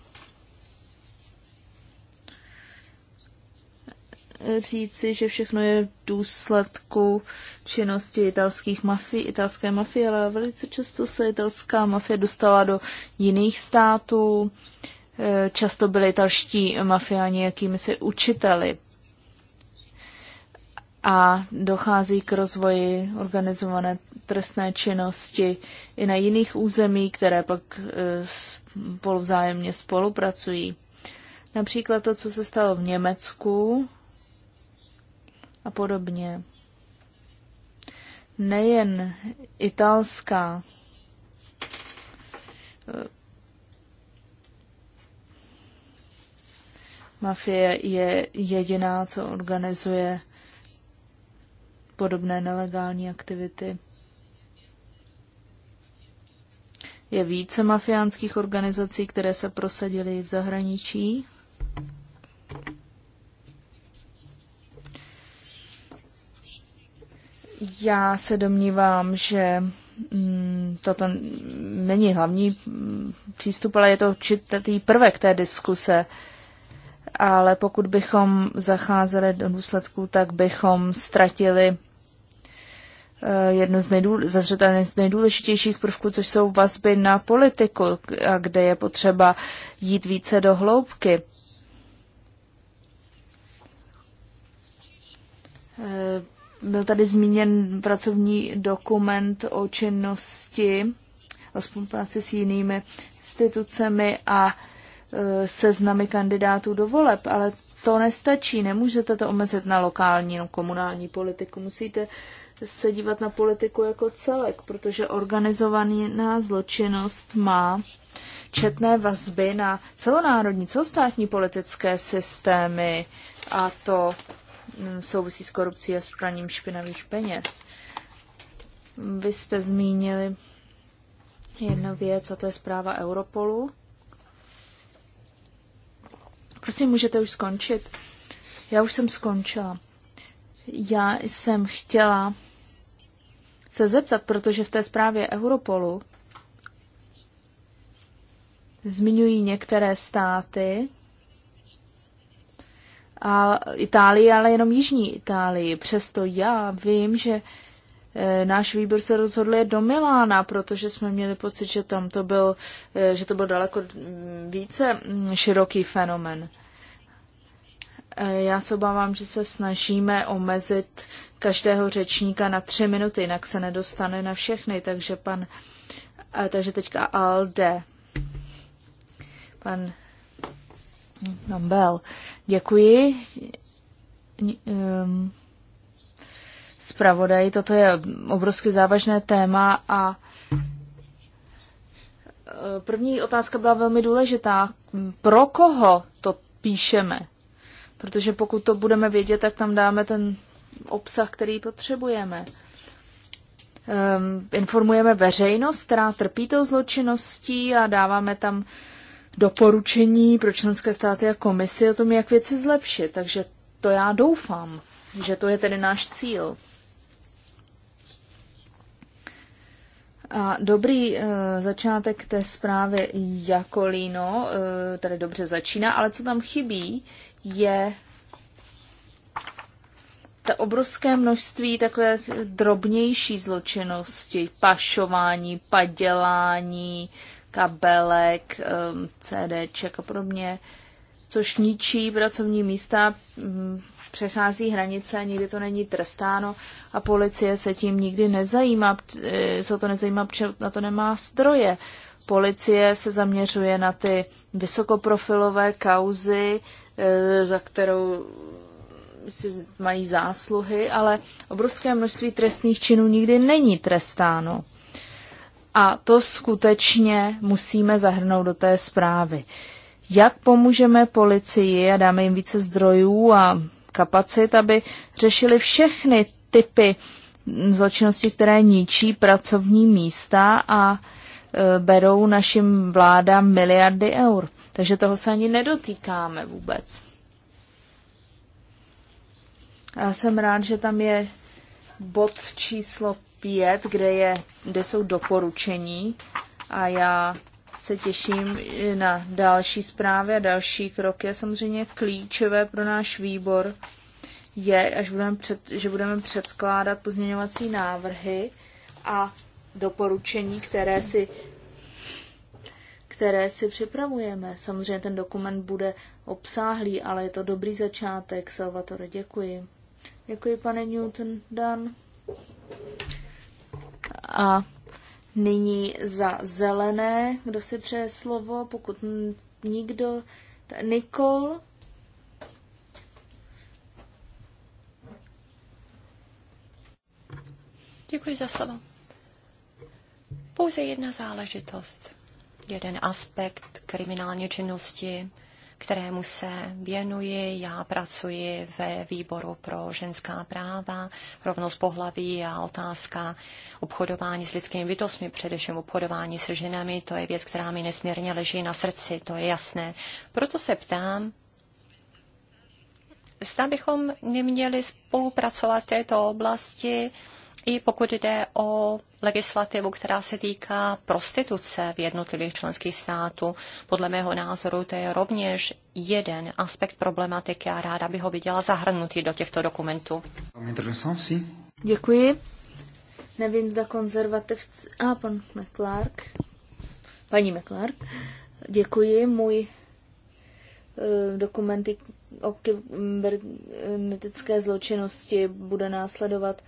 S1: říci, že všechno je v důsledku činnosti italských mafí, italské mafie, ale velice často se italská mafie dostala do jiných států. E, často byli italští mafiáni jakými se učiteli a dochází k rozvoji organizované trestné činnosti i na jiných území, které pak e, spolu vzájemně spolupracují. Například to, co se stalo v Německu a podobně. Nejen italská e, mafie je jediná, co organizuje podobné nelegální aktivity. Je více mafiánských organizací, které se prosadily v zahraničí. Já se domnívám, že mm, toto není hlavní mm, přístup, ale je to určitý prvek té diskuse. Ale pokud bychom zacházeli do důsledků, tak bychom ztratili Eh, jedno z, nejdůl, z nejdůležitějších prvků, což jsou vazby na politiku, a kde je potřeba jít více do hloubky. Eh, byl tady zmíněn pracovní dokument o činnosti, o spolupráci s jinými institucemi a eh, seznamy kandidátů do voleb, ale to nestačí, nemůžete to omezit na lokální, no, komunální politiku. Musíte se dívat na politiku jako celek, protože organizovaná zločinnost má četné vazby na celonárodní, celostátní politické systémy a to mm, souvisí s korupcí a s praním špinavých peněz. Vy jste zmínili jednu věc a to je zpráva Europolu. Prosím, můžete už skončit? Já už jsem skončila. Já jsem chtěla se zeptat, protože v té zprávě Europolu zmiňují některé státy, a Itálii, ale jenom Jižní Itálii. Přesto já vím, že e, náš výbor se rozhodl je do Milána, protože jsme měli pocit, že tam to byl, e, že to byl daleko více široký fenomen. Já se obávám, že se snažíme omezit každého řečníka na tři minuty, jinak se nedostane na všechny, takže pan, takže teďka Alde, pan Nambel, děkuji. Spravodaj, ehm, toto je obrovsky závažné téma a e, první otázka byla velmi důležitá. Pro koho to píšeme? Protože pokud to budeme vědět, tak tam dáme ten obsah, který potřebujeme. Um, informujeme veřejnost, která trpí tou zločinností a dáváme tam doporučení pro členské státy a komisi o tom, jak věci zlepšit. Takže to já doufám, že to je tedy náš cíl. A dobrý e, začátek té zprávy Jakolíno, e, tady dobře začíná, ale co tam chybí, je to obrovské množství takové drobnější zločinnosti, pašování, padělání, kabelek, um, CDček a podobně, což ničí pracovní místa, mm, přechází hranice, nikdy to není trestáno a policie se tím nikdy nezajímá, eh, se to nezajímá, protože na to nemá stroje. Policie se zaměřuje na ty vysokoprofilové kauzy, Eh, za kterou si mají zásluhy, ale obrovské množství trestných činů nikdy není trestáno. A to skutečně musíme zahrnout do té zprávy. Jak pomůžeme policii a dáme jim více zdrojů a kapacit, aby řešili všechny typy zločinnosti, které ničí pracovní místa a eh, berou našim vládám miliardy eur. Takže toho se ani nedotýkáme vůbec. Já jsem rád, že tam je bod číslo 5, kde, je, kde jsou doporučení a já se těším na další zprávy a další kroky. Samozřejmě klíčové pro náš výbor je, až budeme před, že budeme předkládat pozměňovací návrhy a doporučení, které si které si připravujeme. Samozřejmě ten dokument bude obsáhlý, ale je to dobrý začátek. Salvatore, děkuji. Děkuji, pane Newton Dan. A nyní za zelené, kdo si přeje slovo, pokud nikdo... Nikol?
S3: Děkuji za slovo. Pouze jedna záležitost jeden aspekt kriminální činnosti, kterému se věnuji. Já pracuji ve výboru pro ženská práva, rovnost pohlaví a otázka obchodování s lidskými bytostmi, především obchodování se ženami. To je věc, která mi nesmírně leží na srdci, to je jasné. Proto se ptám, zda bychom neměli spolupracovat v této oblasti, i pokud jde o legislativu, která se týká prostituce v jednotlivých členských států. Podle mého názoru to je rovněž jeden aspekt problematiky a ráda bych ho viděla zahrnutý do těchto dokumentů. Děkuji. Nevím,
S1: zda konzervativci... A, ah, pan McClark. Paní McClark. Děkuji. Můj e, dokumenty o kybernetické zločinnosti bude následovat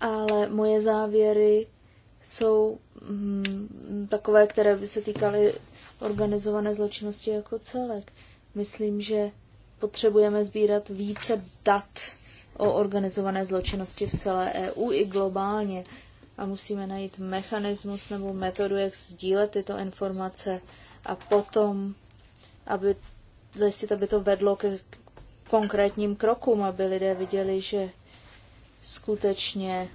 S1: ale moje závěry jsou mm, takové, které by se týkaly organizované zločinnosti jako celek. Myslím, že potřebujeme sbírat více dat o organizované zločinnosti v celé EU i globálně a musíme najít mechanismus nebo metodu, jak sdílet tyto informace a potom, aby zajistit, aby to vedlo ke konkrétním krokům, aby lidé viděli, že skutečně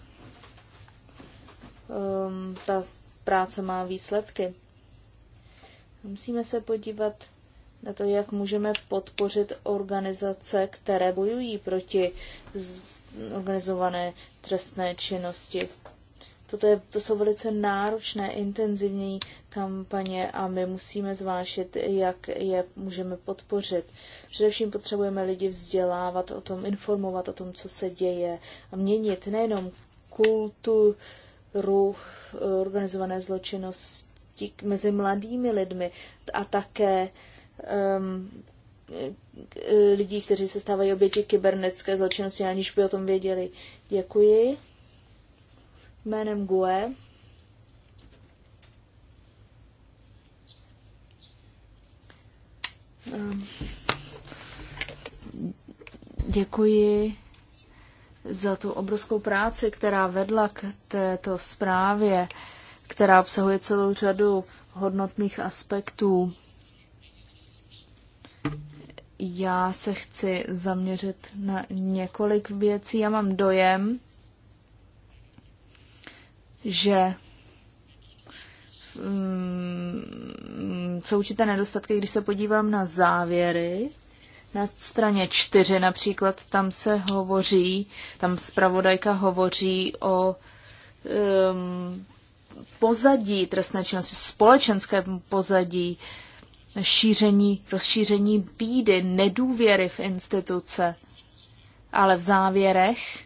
S1: um, ta práce má výsledky. Musíme se podívat na to, jak můžeme podpořit organizace, které bojují proti organizované trestné činnosti. Toto je, to jsou velice náročné, intenzivní kampaně a my musíme zvážit, jak je můžeme podpořit. Především potřebujeme lidi vzdělávat o tom, informovat o tom, co se děje a měnit nejenom kulturu organizované zločinnosti mezi mladými lidmi a také um, lidí, kteří se stávají oběti kybernetické zločinnosti, aniž by o tom věděli. Děkuji jménem GUE. Ehm, děkuji za tu obrovskou práci, která vedla k této zprávě, která obsahuje celou řadu hodnotných aspektů. Já se chci zaměřit na několik věcí. Já mám dojem, že um, jsou určité nedostatky, když se podívám na závěry. Na straně čtyři například tam se hovoří, tam zpravodajka hovoří o um, pozadí trestné činnosti, společenském pozadí, šíření, rozšíření bídy, nedůvěry v instituce. Ale v závěrech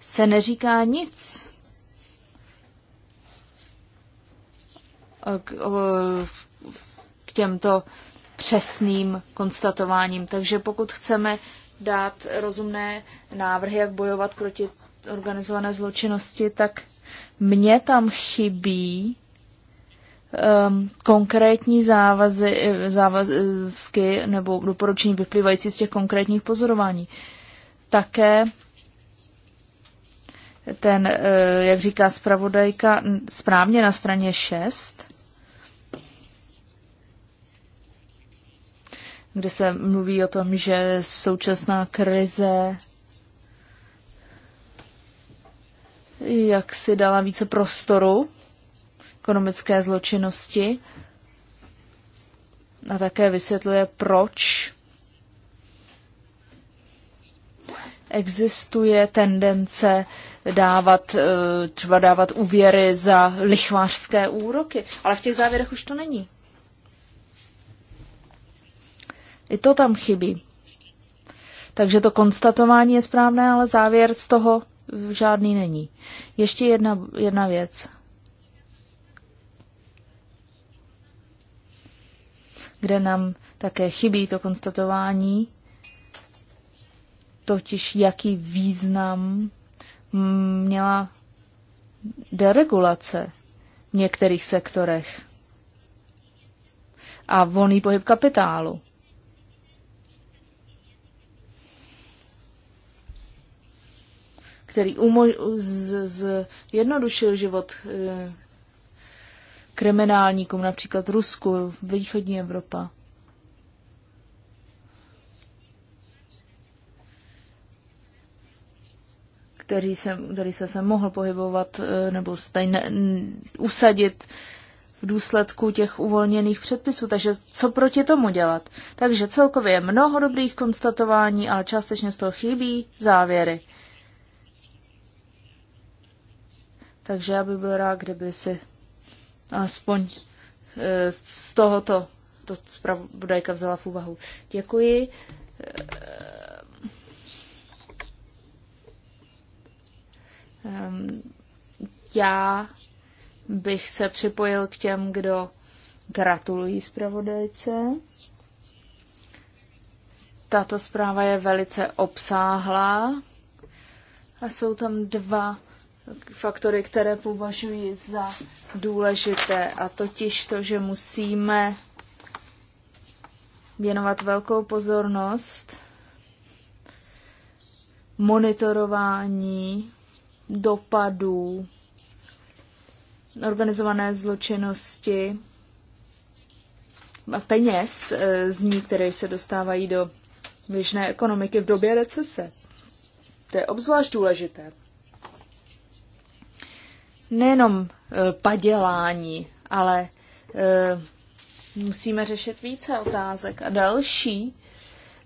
S1: se neříká nic k, k těmto přesným konstatováním. Takže pokud chceme dát rozumné návrhy, jak bojovat proti organizované zločinnosti, tak mně tam chybí um, konkrétní závazy, závazky nebo doporučení vyplývající z těch konkrétních pozorování. Také ten, eh, jak říká zpravodajka, správně na straně 6, kde se mluví o tom, že současná krize jak si dala více prostoru ekonomické zločinnosti a také vysvětluje, proč existuje tendence dávat, eh, třeba dávat úvěry za lichvářské úroky. Ale v těch závěrech už to není. I to tam chybí. Takže to konstatování je správné, ale závěr z toho žádný není. Ještě jedna, jedna věc. Kde nám také chybí to konstatování, totiž jaký význam měla deregulace v některých sektorech a volný pohyb kapitálu. který umo- z- z- jednodušil život e, kriminálníkům, například Rusku, východní Evropa. Který se, který se se mohl pohybovat e, nebo stejne, n, usadit v důsledku těch uvolněných předpisů. Takže co proti tomu dělat? Takže celkově je mnoho dobrých konstatování, ale částečně z toho chybí závěry. Takže já bych byl rád, kdyby si aspoň eh, z tohoto to zpravodajka vzala v úvahu. Děkuji. Eh, já bych se připojil k těm, kdo gratulují zpravodajce. Tato zpráva je velice obsáhlá a jsou tam dva faktory, které považuji za důležité, a totiž to, že musíme věnovat velkou pozornost monitorování dopadů organizované zločinnosti a peněz eh, z ní, které se dostávají do běžné ekonomiky v době recese. To je obzvlášť důležité nejenom e, padělání, ale e, musíme řešit více otázek. A další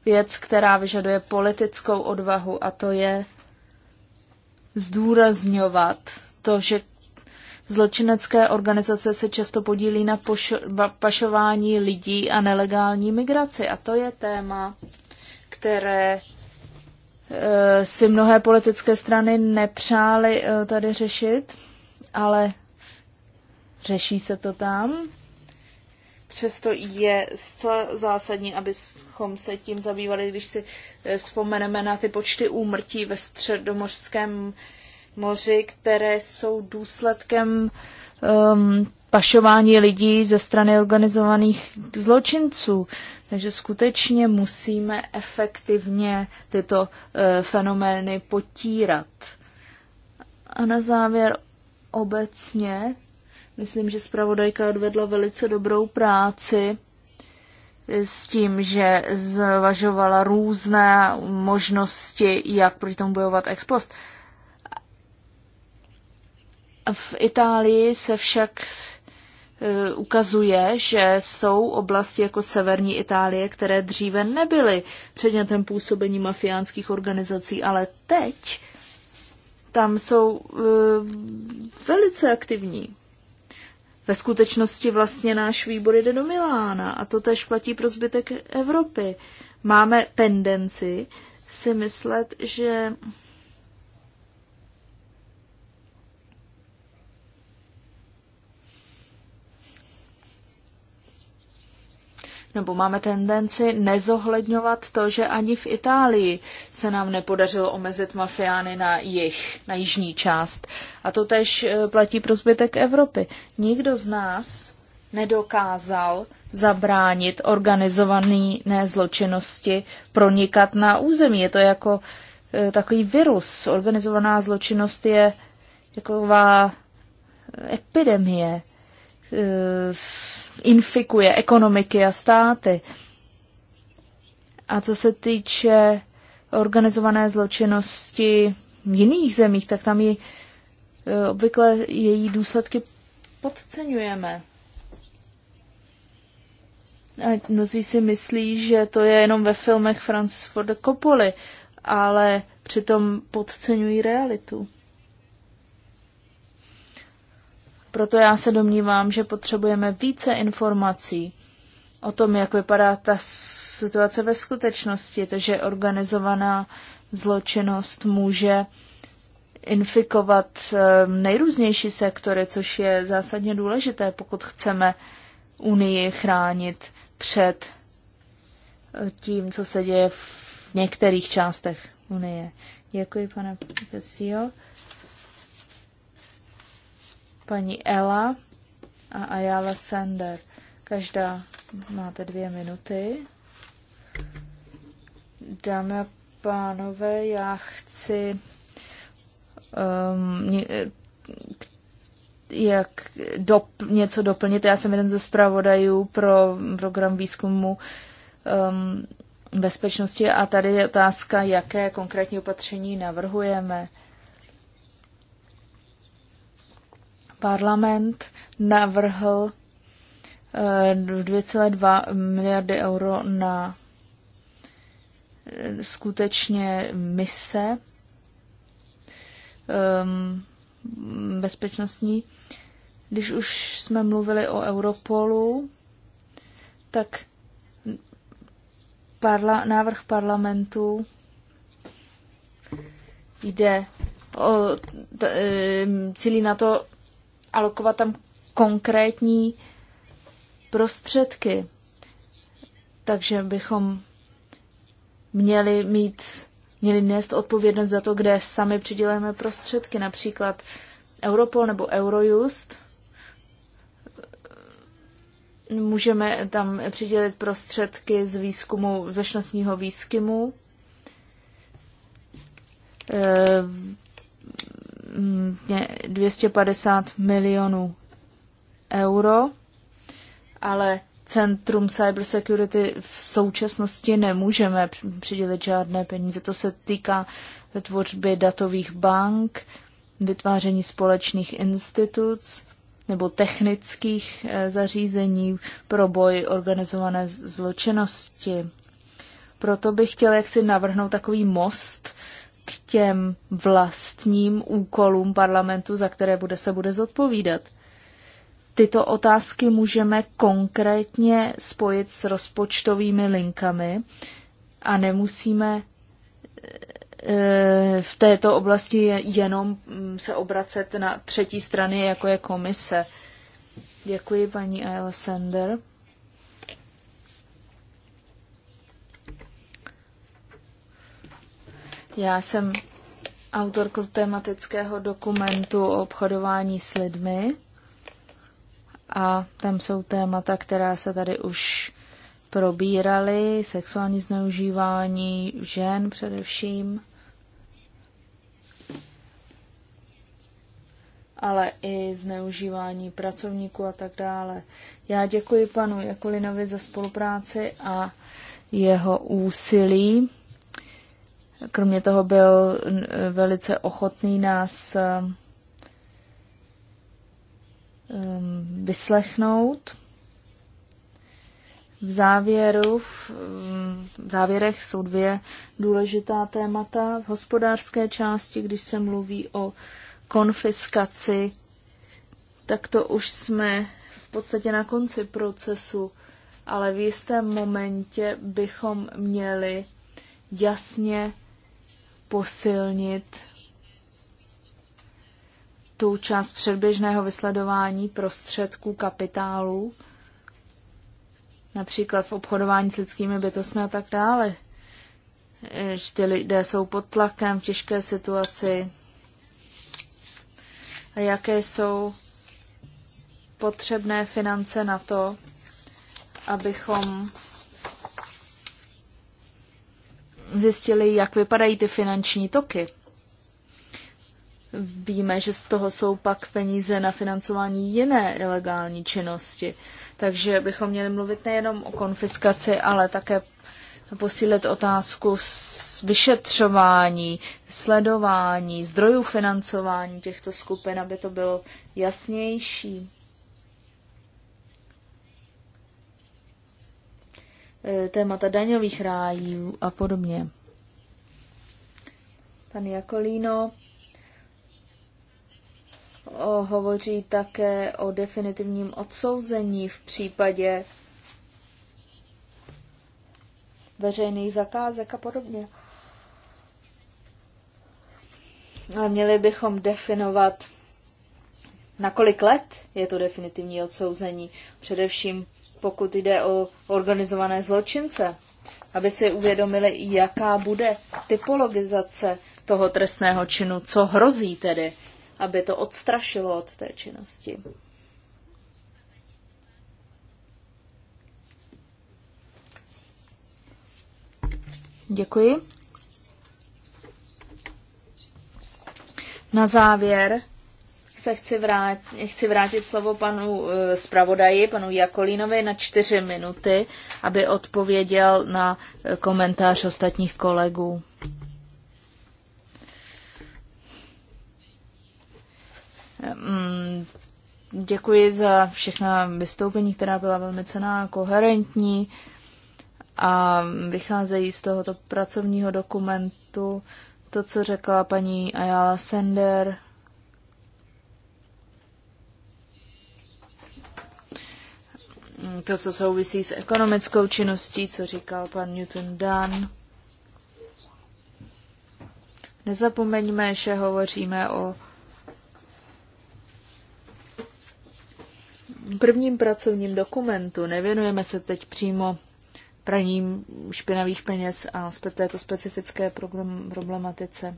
S1: věc, která vyžaduje politickou odvahu, a to je zdůrazňovat to, že zločinecké organizace se často podílí na pašování lidí a nelegální migraci. A to je téma, které e, si mnohé politické strany nepřáli tady řešit ale řeší se to tam. Přesto je zcela zásadní, abychom se tím zabývali, když si eh, vzpomeneme na ty počty úmrtí ve středomořském moři, které jsou důsledkem um, pašování lidí ze strany organizovaných zločinců. Takže skutečně musíme efektivně tyto uh, fenomény potírat. A na závěr obecně. Myslím, že zpravodajka odvedla velice dobrou práci s tím, že zvažovala různé možnosti, jak proti tomu bojovat ex post. V Itálii se však e, ukazuje, že jsou oblasti jako severní Itálie, které dříve nebyly předmětem působení mafiánských organizací, ale teď tam jsou e, velice aktivní. Ve skutečnosti vlastně náš výbor jde do Milána a to tež platí pro zbytek Evropy. Máme tendenci si myslet, že nebo máme tendenci nezohledňovat to, že ani v Itálii se nám nepodařilo omezit mafiány na jich, na jižní část. A to tež e, platí pro zbytek Evropy. Nikdo z nás nedokázal zabránit organizovaný zločinnosti pronikat na území. Je to jako e, takový virus. Organizovaná zločinnost je taková e, epidemie infikuje ekonomiky a státy. A co se týče organizované zločinnosti v jiných zemích, tak tam ji e, obvykle její důsledky podceňujeme. A mnozí si myslí, že to je jenom ve filmech Francis Forda Coppoli, ale přitom podceňují realitu. Proto já se domnívám, že potřebujeme více informací o tom, jak vypadá ta situace ve skutečnosti, to, že organizovaná zločinnost může infikovat eh, nejrůznější sektory, což je zásadně důležité, pokud chceme Unii chránit před eh, tím, co se děje v některých částech Unie. Děkuji, pane profesio paní Ella a Ayala Sender. Každá máte dvě minuty. Dámy a pánové, já chci um, jak dop, něco doplnit. Já jsem jeden ze zpravodajů pro program výzkumu um, bezpečnosti a tady je otázka, jaké konkrétní opatření navrhujeme. Parlament navrhl 2,2 eh, miliardy euro na eh, skutečně mise ehm, bezpečnostní. Když už jsme mluvili o Europolu, tak parla, návrh parlamentu jde o, t, eh, cílí na to alokovat tam konkrétní prostředky. Takže bychom měli mít, měli nést odpovědnost za to, kde sami přidělujeme prostředky, například Europol nebo Eurojust. Můžeme tam přidělit prostředky z výzkumu, vešnostního výzkumu, eh, 250 milionů euro, ale Centrum Cybersecurity v současnosti nemůžeme přidělit žádné peníze. To se týká tvořby datových bank, vytváření společných institut nebo technických eh, zařízení pro boj organizované zločinnosti. Proto bych chtěl jaksi navrhnout takový most k těm vlastním úkolům parlamentu, za které bude se bude zodpovídat. Tyto otázky můžeme konkrétně spojit s rozpočtovými linkami a nemusíme eh, v této oblasti jenom mm, se obracet na třetí strany, jako je komise. Děkuji, paní Ayla Sender. Já jsem autorkou tematického dokumentu o obchodování s lidmi a tam jsou témata, která se tady už probíraly, sexuální zneužívání žen především, ale i zneužívání pracovníků a tak dále. Já děkuji panu Jakulinovi za spolupráci a jeho úsilí Kromě toho byl velice ochotný nás um, vyslechnout. V závěru, v, závěrech jsou dvě důležitá témata. V hospodářské části, když se mluví o konfiskaci, tak to už jsme v podstatě na konci procesu, ale v jistém momentě bychom měli jasně posilnit tu část předběžného vysledování prostředků kapitálu, například v obchodování s lidskými bytostmi a tak dále. Že ty lidé jsou pod tlakem v těžké situaci. A jaké jsou potřebné finance na to, abychom zjistili, jak vypadají ty finanční toky. Víme, že z toho jsou pak peníze na financování jiné ilegální činnosti. Takže bychom měli mluvit nejenom o konfiskaci, ale také posílit otázku vyšetřování, sledování, zdrojů financování těchto skupin, aby to bylo jasnější. Eh, témata daňových rájů a podobně. Pan Jakolíno hovoří také o definitivním odsouzení v případě veřejných zakázek a podobně. A měli bychom definovat, na kolik let je to definitivní odsouzení, především pokud jde o organizované zločince, aby si uvědomili, jaká bude typologizace toho trestného činu, co hrozí tedy, aby to odstrašilo od té činnosti. Děkuji. Na závěr se chci vrátit, chci vrátit slovo panu eh, zpravodaji, panu Jakolínovi na čtyři minuty, aby odpověděl na eh, komentář ostatních kolegů. Ehm, děkuji za všechna vystoupení, která byla velmi cená, koherentní a vycházejí z tohoto pracovního dokumentu to, co řekla paní Ayala Sender, Mm, to, co souvisí s ekonomickou činností, co říkal pan Newton Dunn. Nezapomeňme, že hovoříme o prvním pracovním dokumentu. Nevěnujeme se teď přímo praním špinavých peněz a této specifické problematice.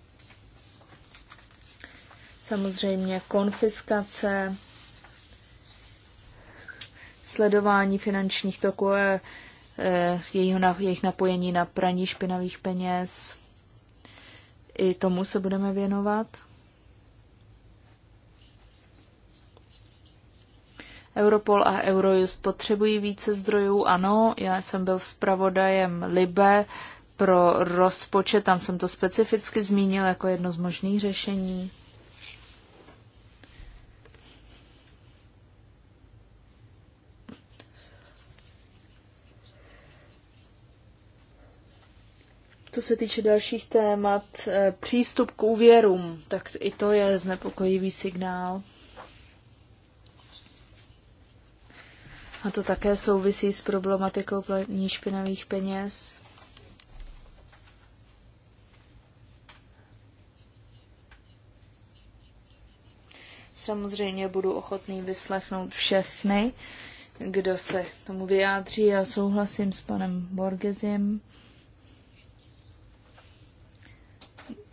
S1: Samozřejmě konfiskace sledování finančních toků, eh, jejich, jejich napojení na praní špinavých peněz. I tomu se budeme věnovat. Europol a Eurojust potřebují více zdrojů. Ano, já jsem byl zpravodajem Libe pro rozpočet, tam jsem to specificky zmínil jako jedno z možných řešení. Co se týče dalších témat, eh, přístup k úvěrům, tak i to je znepokojivý signál. A to také souvisí s problematikou platní špinavých peněz. Samozřejmě budu ochotný vyslechnout všechny, kdo se tomu vyjádří. Já souhlasím s panem Borgesem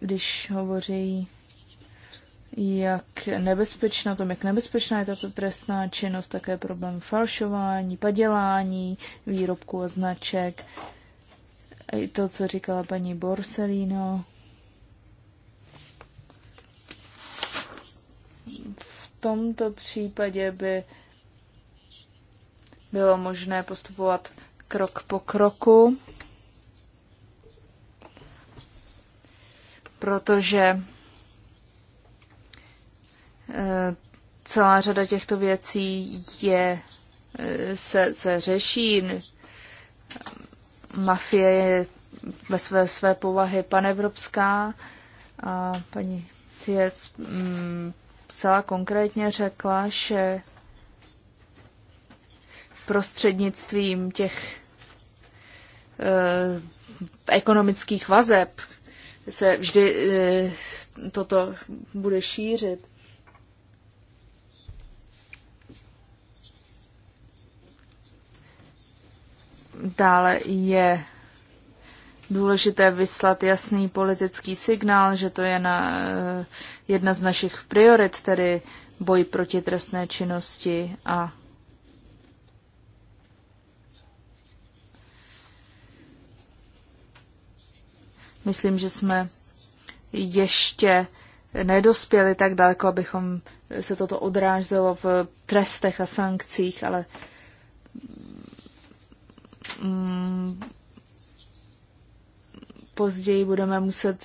S1: když hovoří, jak nebezpečná, tom, jak nebezpečná je tato trestná činnost, také problém falšování, padělání, výrobků a značek. I to, co říkala paní Borsellino. V tomto případě by bylo možné postupovat krok po kroku. protože eh, celá řada těchto věcí je, eh, se, se řeší. Mafie je ve své, své povahy panevropská a paní Tiec mm, celá konkrétně řekla, že prostřednictvím těch e, ekonomických vazeb, se vždy eh, toto bude šířit. Dále je důležité vyslat jasný politický signál, že to je na, eh, jedna z našich priorit, tedy boj proti trestné činnosti a Myslím, že jsme ještě nedospěli tak daleko, abychom se toto odráželo v trestech a sankcích, ale mm, později budeme muset,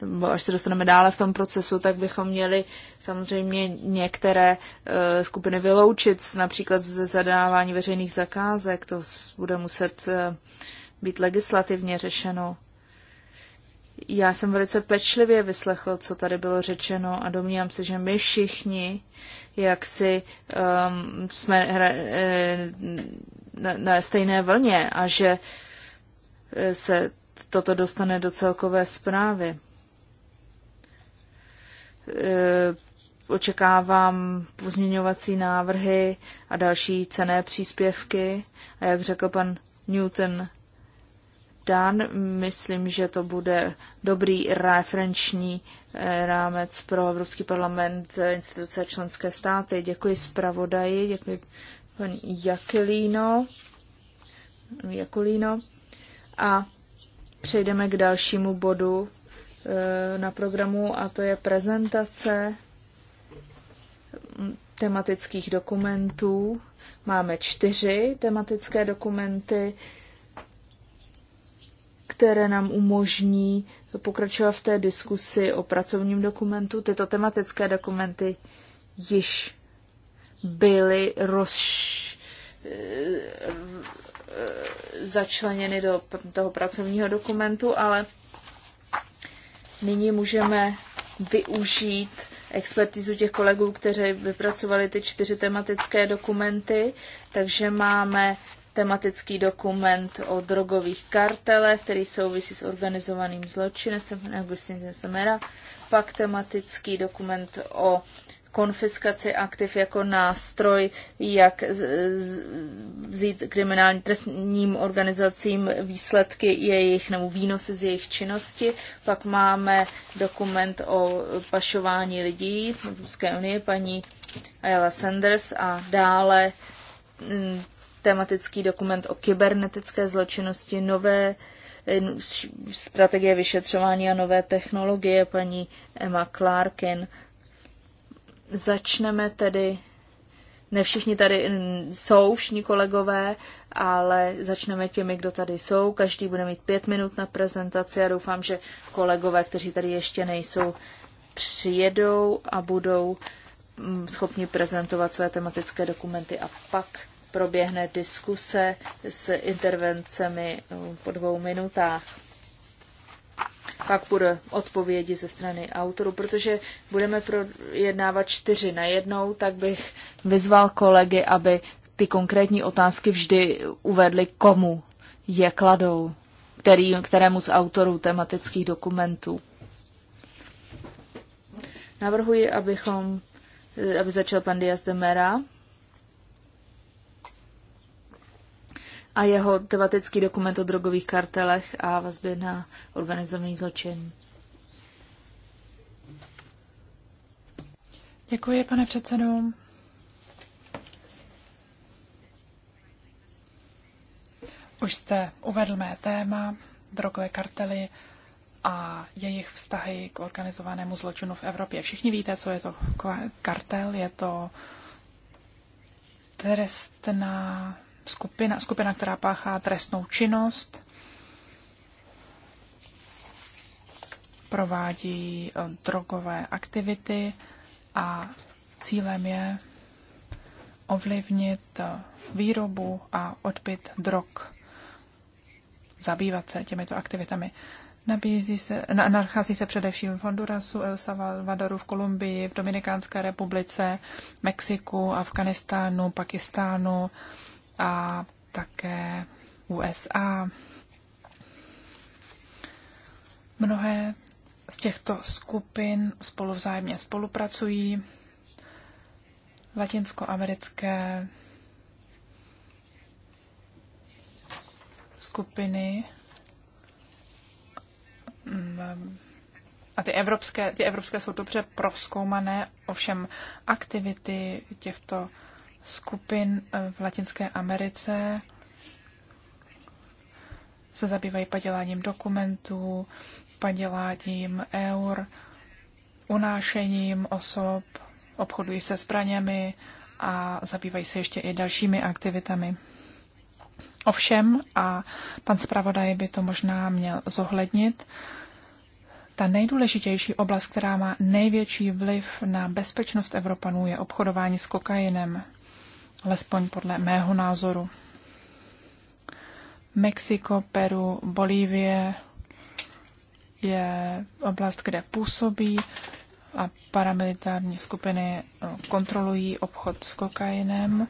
S1: nebo až se dostaneme dále v tom procesu, tak bychom měli samozřejmě některé eh, skupiny vyloučit, například ze zadávání veřejných zakázek. To bude muset eh, být legislativně řešeno. Já jsem velice pečlivě vyslechl, co tady bylo řečeno a domnívám se, že my všichni, jak si um, jsme hra, eh, na, na stejné vlně a že eh, se toto dostane do celkové zprávy. Eh, očekávám pozměňovací návrhy a další cené příspěvky a jak řekl pan Newton, Dan. Myslím, že to bude dobrý referenční eh, rámec pro Evropský parlament, eh, instituce a členské státy. Děkuji zpravodaji, děkuji paní Jakelíno. Jakulíno. A přejdeme k dalšímu bodu eh, na programu a to je prezentace mm, tematických dokumentů. Máme čtyři tematické dokumenty které nám umožní pokračovat v té diskusi o pracovním dokumentu. Tyto tematické dokumenty již byly roz eh, začleněny do toho pracovního dokumentu, ale nyní můžeme využít expertizu těch kolegů, kteří vypracovali ty čtyři tematické dokumenty, takže máme tematický dokument o drogových kartelech, který souvisí s organizovaným zločinem Stefana Augustin Samera, pak tematický dokument o konfiskaci aktiv jako nástroj, jak vzít kriminální trestním organizacím výsledky jejich nebo výnosy z jejich činnosti. Pak máme dokument o pašování lidí v Evropské unii, paní Ayala Sanders a dále mm, tematický dokument o kybernetické zločinnosti, nové eh, strategie vyšetřování a nové technologie paní Emma Clarkin. Začneme tedy, ne všichni tady jsou, všichni kolegové, ale začneme těmi, kdo tady jsou. Každý bude mít pět minut na prezentaci a doufám, že kolegové, kteří tady ještě nejsou, přijedou a budou mm, schopni prezentovat své tematické dokumenty a pak proběhne diskuse s intervencemi po dvou minutách. Pak bude odpovědi ze strany autorů, protože budeme projednávat čtyři na jednou, tak bych vyzval kolegy, aby ty konkrétní otázky vždy uvedli, komu je kladou, který, kterému z autorů tematických dokumentů. Navrhuji, abychom, aby začal pan Diaz de Mera. a jeho tematický dokument o drogových kartelech a vazbě na organizovaný zločin.
S2: Děkuji, pane předsedo. Už jste uvedl mé téma, drogové kartely a jejich vztahy k organizovanému zločinu v Evropě. Všichni víte, co je to kartel. Je to trestná skupina, skupina, která páchá trestnou činnost, provádí eh, drogové aktivity a cílem je ovlivnit eh, výrobu a odbyt drog, zabývat se těmito aktivitami. Nabízí se, na, nachází se především v Hondurasu, El Salvadoru, v Kolumbii, v Dominikánské republice, Mexiku, Afganistánu, Pakistánu, a také USA. Mnohé z těchto skupin spolu vzájemně spolupracují. Latinskoamerické skupiny mm, a ty evropské, ty evropské jsou dobře proskoumané, ovšem aktivity těchto skupin eh, v Latinské Americe se zabývají paděláním dokumentů, paděláním eur, unášením osob, obchodují se zbraněmi a zabývají se ještě i dalšími aktivitami. Ovšem, a pan zpravodaj by to možná měl zohlednit, ta nejdůležitější oblast, která má největší vliv na bezpečnost Evropanů, je obchodování s kokainem alespoň podle mého názoru. Mexiko, Peru, Bolívie je oblast, kde působí a paramilitární skupiny eh, kontrolují obchod s kokainem,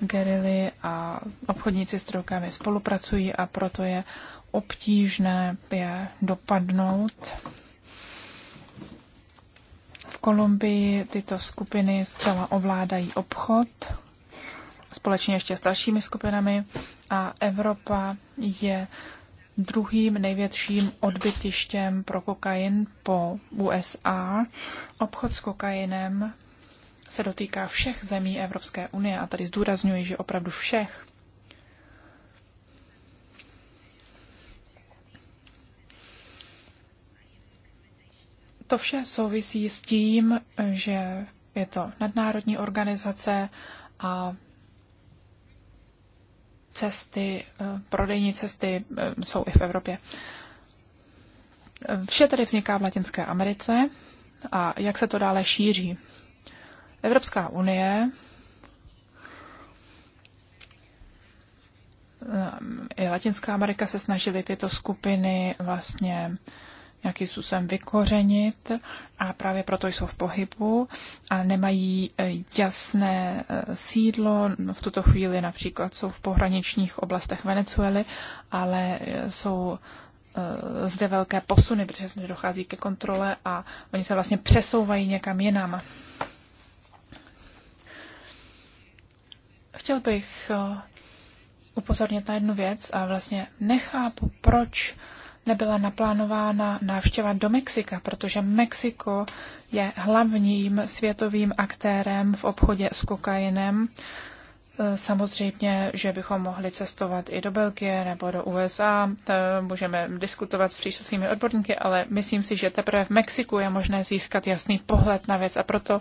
S2: gerily a obchodníci s drogami spolupracují a proto je obtížné je dopadnout. V Kolumbii tyto skupiny zcela ovládají obchod společně ještě s dalšími skupinami a Evropa je druhým největším odbytištěm pro kokain po USA. Obchod s kokainem se dotýká všech zemí Evropské unie a tady zdůrazňuji, že opravdu všech. To vše souvisí s tím, že je to nadnárodní organizace a cesty, eh, prodejní cesty eh, jsou i v Evropě. Eh, vše tedy vzniká v Latinské Americe a jak se to dále šíří. Evropská unie i Latinská Amerika se snažily tyto skupiny vlastně nějakým způsobem vykořenit a právě proto jsou v pohybu a nemají eh, jasné eh, sídlo. V tuto chvíli například jsou v pohraničních oblastech Venezuely, ale eh, jsou zde velké posuny, protože zde dochází ke kontrole a oni se vlastně přesouvají někam jinam. Chtěl bych upozornit na jednu věc a vlastně nechápu, proč uh, nebyla naplánována návštěva do Mexika, protože Mexiko je hlavním světovým aktérem v obchodě s kokainem. E, samozřejmě, že bychom mohli cestovat i do Belgie nebo do USA, to můžeme diskutovat s příslušnými odborníky, ale myslím si, že teprve v Mexiku je možné získat jasný pohled na věc a proto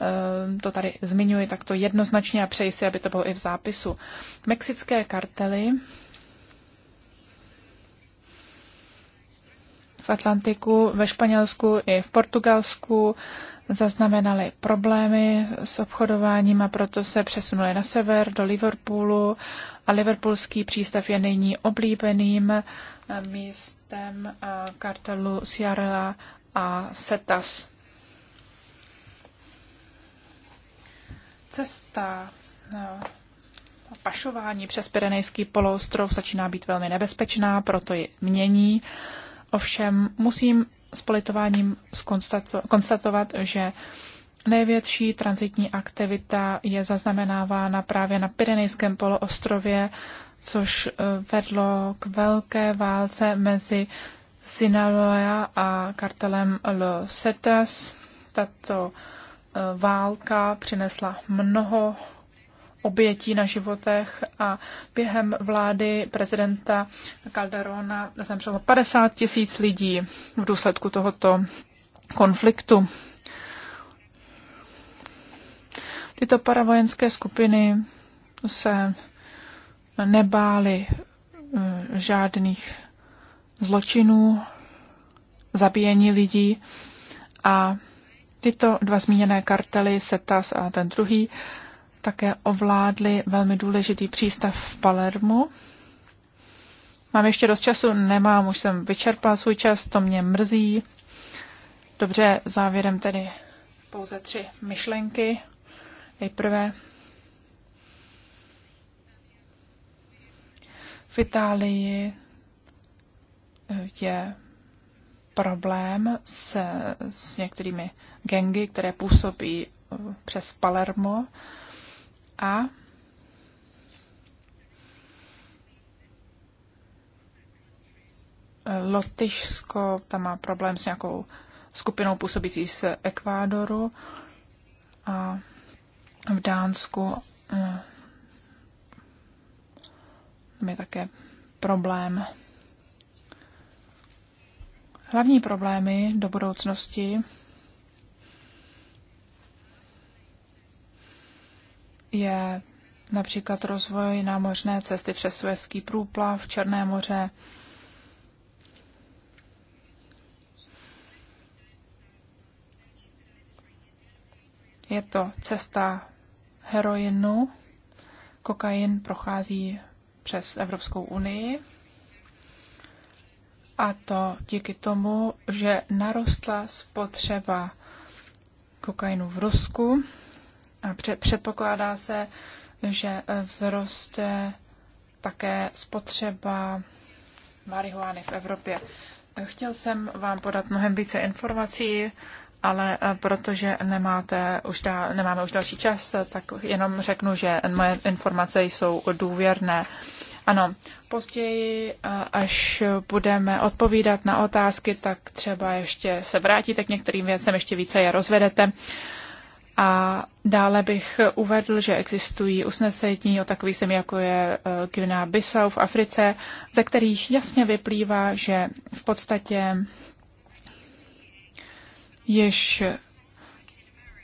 S2: e, to tady zmiňuji takto jednoznačně a přeji si, aby to bylo i v zápisu. Mexické kartely v Atlantiku, ve Španělsku i v Portugalsku zaznamenali problémy s obchodováním a proto se přesunuli na sever do Liverpoolu a liverpoolský přístav je nyní oblíbeným eh, místem eh, kartelu Sierra a Setas. Cesta no, pašování přes Pirenejský poloostrov začíná být velmi nebezpečná, proto ji mění Ovšem musím s politováním konstatovat, že největší transitní aktivita je zaznamenávána právě na Pyrenejském poloostrově, což eh, vedlo k velké válce mezi Sinaloa a kartelem Los Setas. Tato eh, válka přinesla mnoho obětí na životech a během vlády prezidenta Calderona zemřelo 50 tisíc lidí v důsledku tohoto konfliktu. Tyto paravojenské skupiny se nebály eh, žádných zločinů, zabíjení lidí a tyto dva zmíněné kartely, SETAS a ten druhý, také ovládli velmi důležitý přístav v Palermu. Mám ještě dost času? Nemám, už jsem vyčerpal svůj čas, to mě mrzí. Dobře, závěrem tedy pouze tři myšlenky. Nejprve v Itálii eh, je problém se, s některými gengy, které působí eh, přes Palermo a Lotyšsko, tam má problém s nějakou skupinou působící z Ekvádoru a v Dánsku eh, tam je také problém. Hlavní problémy do budoucnosti je například rozvoj námořné cesty přes Suezký průplav, Černé moře. Je to cesta heroinu. Kokain prochází přes Evropskou unii. A to díky tomu, že narostla spotřeba kokainu v Rusku Předpokládá se, že eh, vzroste také spotřeba marihuány v Evropě. Eh, chtěl jsem vám podat mnohem více informací, ale eh, protože nemáte už da, nemáme už další čas, tak jenom řeknu, že moje informace jsou důvěrné. Ano, později, až budeme odpovídat na otázky, tak třeba ještě se vrátíte k některým věcem, ještě více je rozvedete. A dále bych uvedl, že existují usnesení o takových zemích, jako je eh, Guinea Bissau v Africe, ze kterých jasně vyplývá, že v podstatě již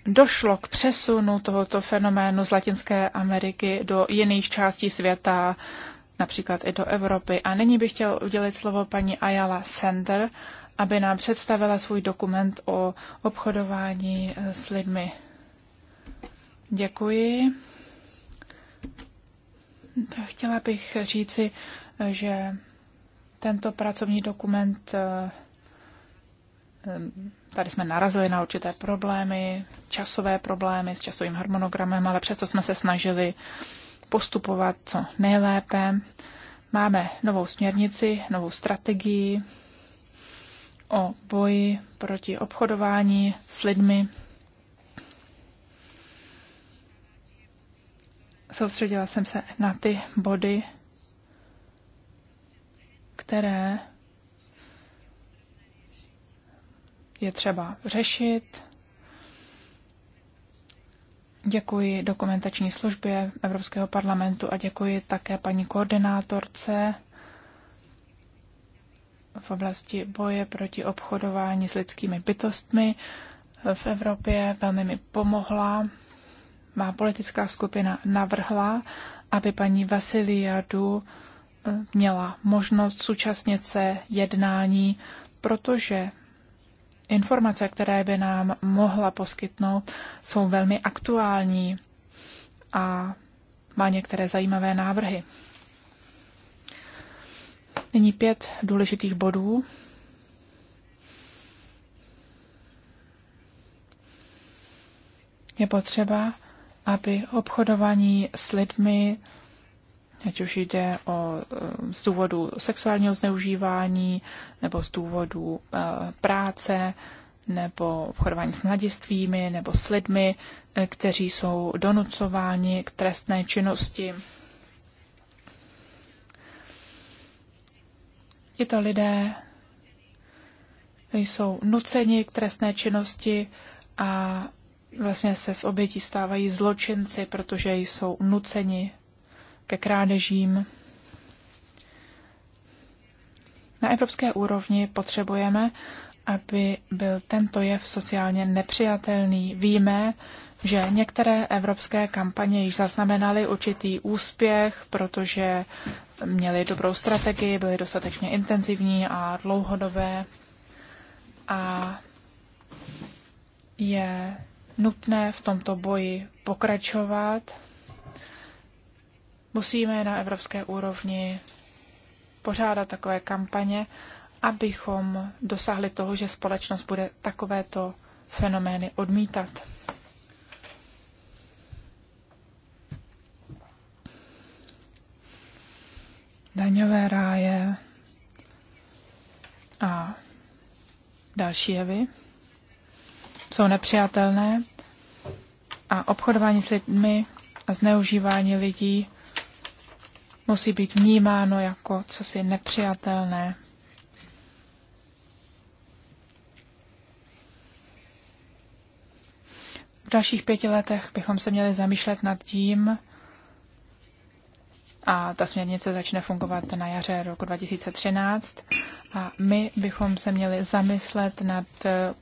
S2: došlo k přesunu tohoto fenoménu z Latinské Ameriky do jiných částí světa, například i do Evropy. A nyní bych chtěl udělit slovo paní Ayala Sender, aby nám představila svůj dokument o obchodování eh, s lidmi. Děkuji. Chtěla bych říci, že tento pracovní dokument, eh, eh, tady jsme narazili na určité problémy, časové problémy s časovým harmonogramem, ale přesto jsme se snažili postupovat co nejlépe. Máme novou směrnici, novou strategii o boji proti obchodování s lidmi soustředila jsem se na ty body, které je třeba řešit. Děkuji dokumentační službě Evropského parlamentu a děkuji také paní koordinátorce v oblasti boje proti obchodování s lidskými bytostmi v Evropě. Velmi mi pomohla má politická skupina navrhla, aby paní Vasiliadu eh, měla možnost zúčastnit se jednání, protože informace, které by nám mohla poskytnout, jsou velmi aktuální a má některé zajímavé návrhy. Nyní pět důležitých bodů. Je potřeba, aby obchodování s lidmi, ať už jde o, eh, z důvodu sexuálního zneužívání nebo z důvodu eh, práce, nebo obchodování s mladistvími, nebo s lidmi, eh, kteří jsou donucováni k trestné činnosti. Tito lidé jsou nuceni k trestné činnosti a vlastně se z obětí stávají zločinci, protože jsou nuceni ke krádežím. Na evropské úrovni potřebujeme, aby byl tento jev sociálně nepřijatelný. Víme, že některé evropské kampaně již zaznamenaly určitý úspěch, protože měly dobrou strategii, byly dostatečně intenzivní a dlouhodobé. A je nutné v tomto boji pokračovat. Musíme na evropské úrovni pořádat takové kampaně, abychom dosáhli toho, že společnost bude takovéto fenomény odmítat. Daňové ráje a další jevy jsou nepřijatelné a obchodování s lidmi a zneužívání lidí musí být vnímáno jako cosi nepřijatelné. V dalších pěti letech bychom se měli zamýšlet nad tím, a ta směrnice začne fungovat na jaře roku 2013, a my bychom se měli zamyslet nad eh,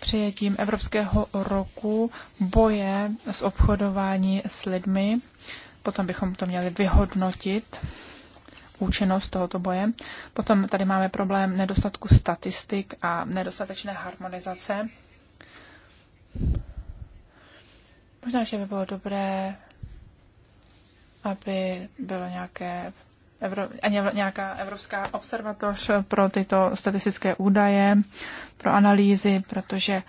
S2: přijetím Evropského roku boje s obchodování s lidmi. Potom bychom to měli vyhodnotit účinnost tohoto boje. Potom tady máme problém nedostatku statistik a nedostatečné harmonizace. Možná, že by bylo dobré, aby bylo nějaké Evro, ani nějaká evropská observatoř pro tyto statistické údaje, pro analýzy, protože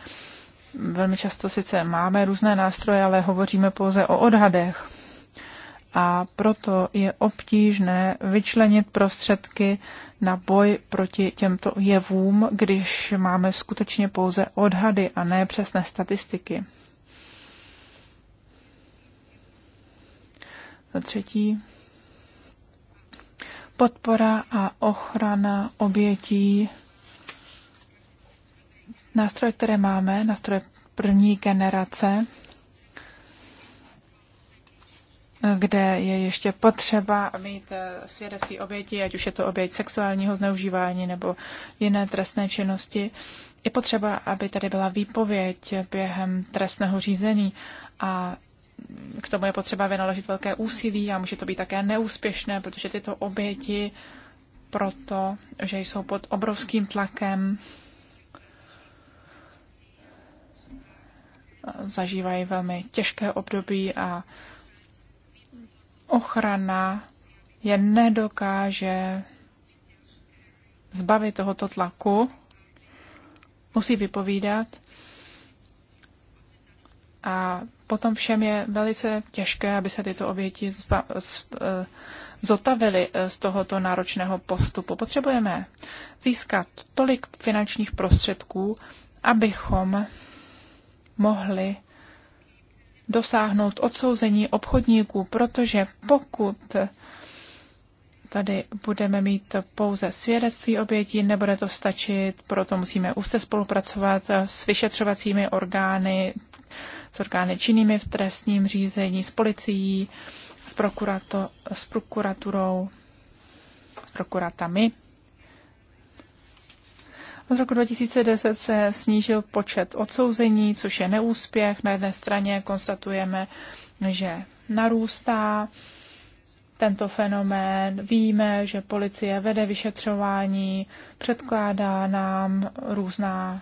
S2: velmi často sice máme různé nástroje, ale hovoříme pouze o odhadech. A proto je obtížné vyčlenit prostředky na boj proti těmto jevům, když máme skutečně pouze odhady a ne přesné statistiky. Za třetí, podpora a ochrana obětí. Nástroje, které máme, nástroje první generace, kde je ještě potřeba mít eh, svědectví oběti, ať už je to oběť sexuálního zneužívání nebo jiné trestné činnosti. Je potřeba, aby tady byla výpověď během trestného řízení a k tomu je potřeba vynaložit velké úsilí a může to být také neúspěšné, protože tyto oběti proto, že jsou pod obrovským tlakem, zažívají velmi těžké období a ochrana je nedokáže zbavit tohoto tlaku, musí vypovídat a potom všem je velice těžké, aby se tyto oběti zba, z, eh, zotavili eh, z tohoto náročného postupu. Potřebujeme získat tolik finančních prostředků, abychom mohli dosáhnout odsouzení obchodníků, protože pokud tady budeme mít pouze svědectví obětí, nebude to stačit, proto musíme úzce spolupracovat s vyšetřovacími orgány, s orgány činnými v trestním řízení, s policií, s, prokurato, s prokuraturou, s prokuratami. Od roku 2010 se snížil počet odsouzení, což je neúspěch. Na jedné straně konstatujeme, že narůstá tento fenomén. Víme, že policie vede vyšetřování, předkládá nám různá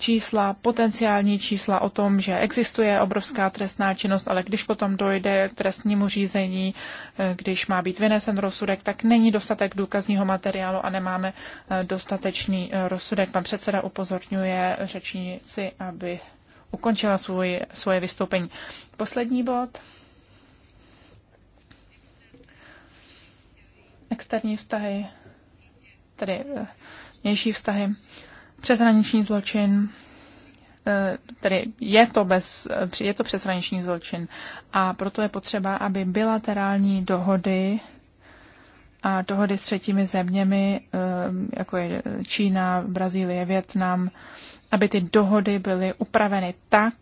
S2: čísla, potenciální čísla o tom, že existuje obrovská trestná činnost, ale když potom dojde k trestnímu řízení, eh, když má být vynesen rozsudek, tak není dostatek důkazního materiálu a nemáme eh, dostatečný eh, rozsudek. Pan předseda upozorňuje řečníci, aby ukončila svůj, svoje vystoupení. Poslední bod. Externí vztahy, tedy vnější vztahy. Přeshraniční zločin, eh, tedy je to, bez, eh, je to přeshraniční zločin a proto je potřeba, aby bilaterální dohody a dohody s třetími zeměmi, eh, jako je Čína, Brazílie, Větnam, aby ty dohody byly upraveny tak,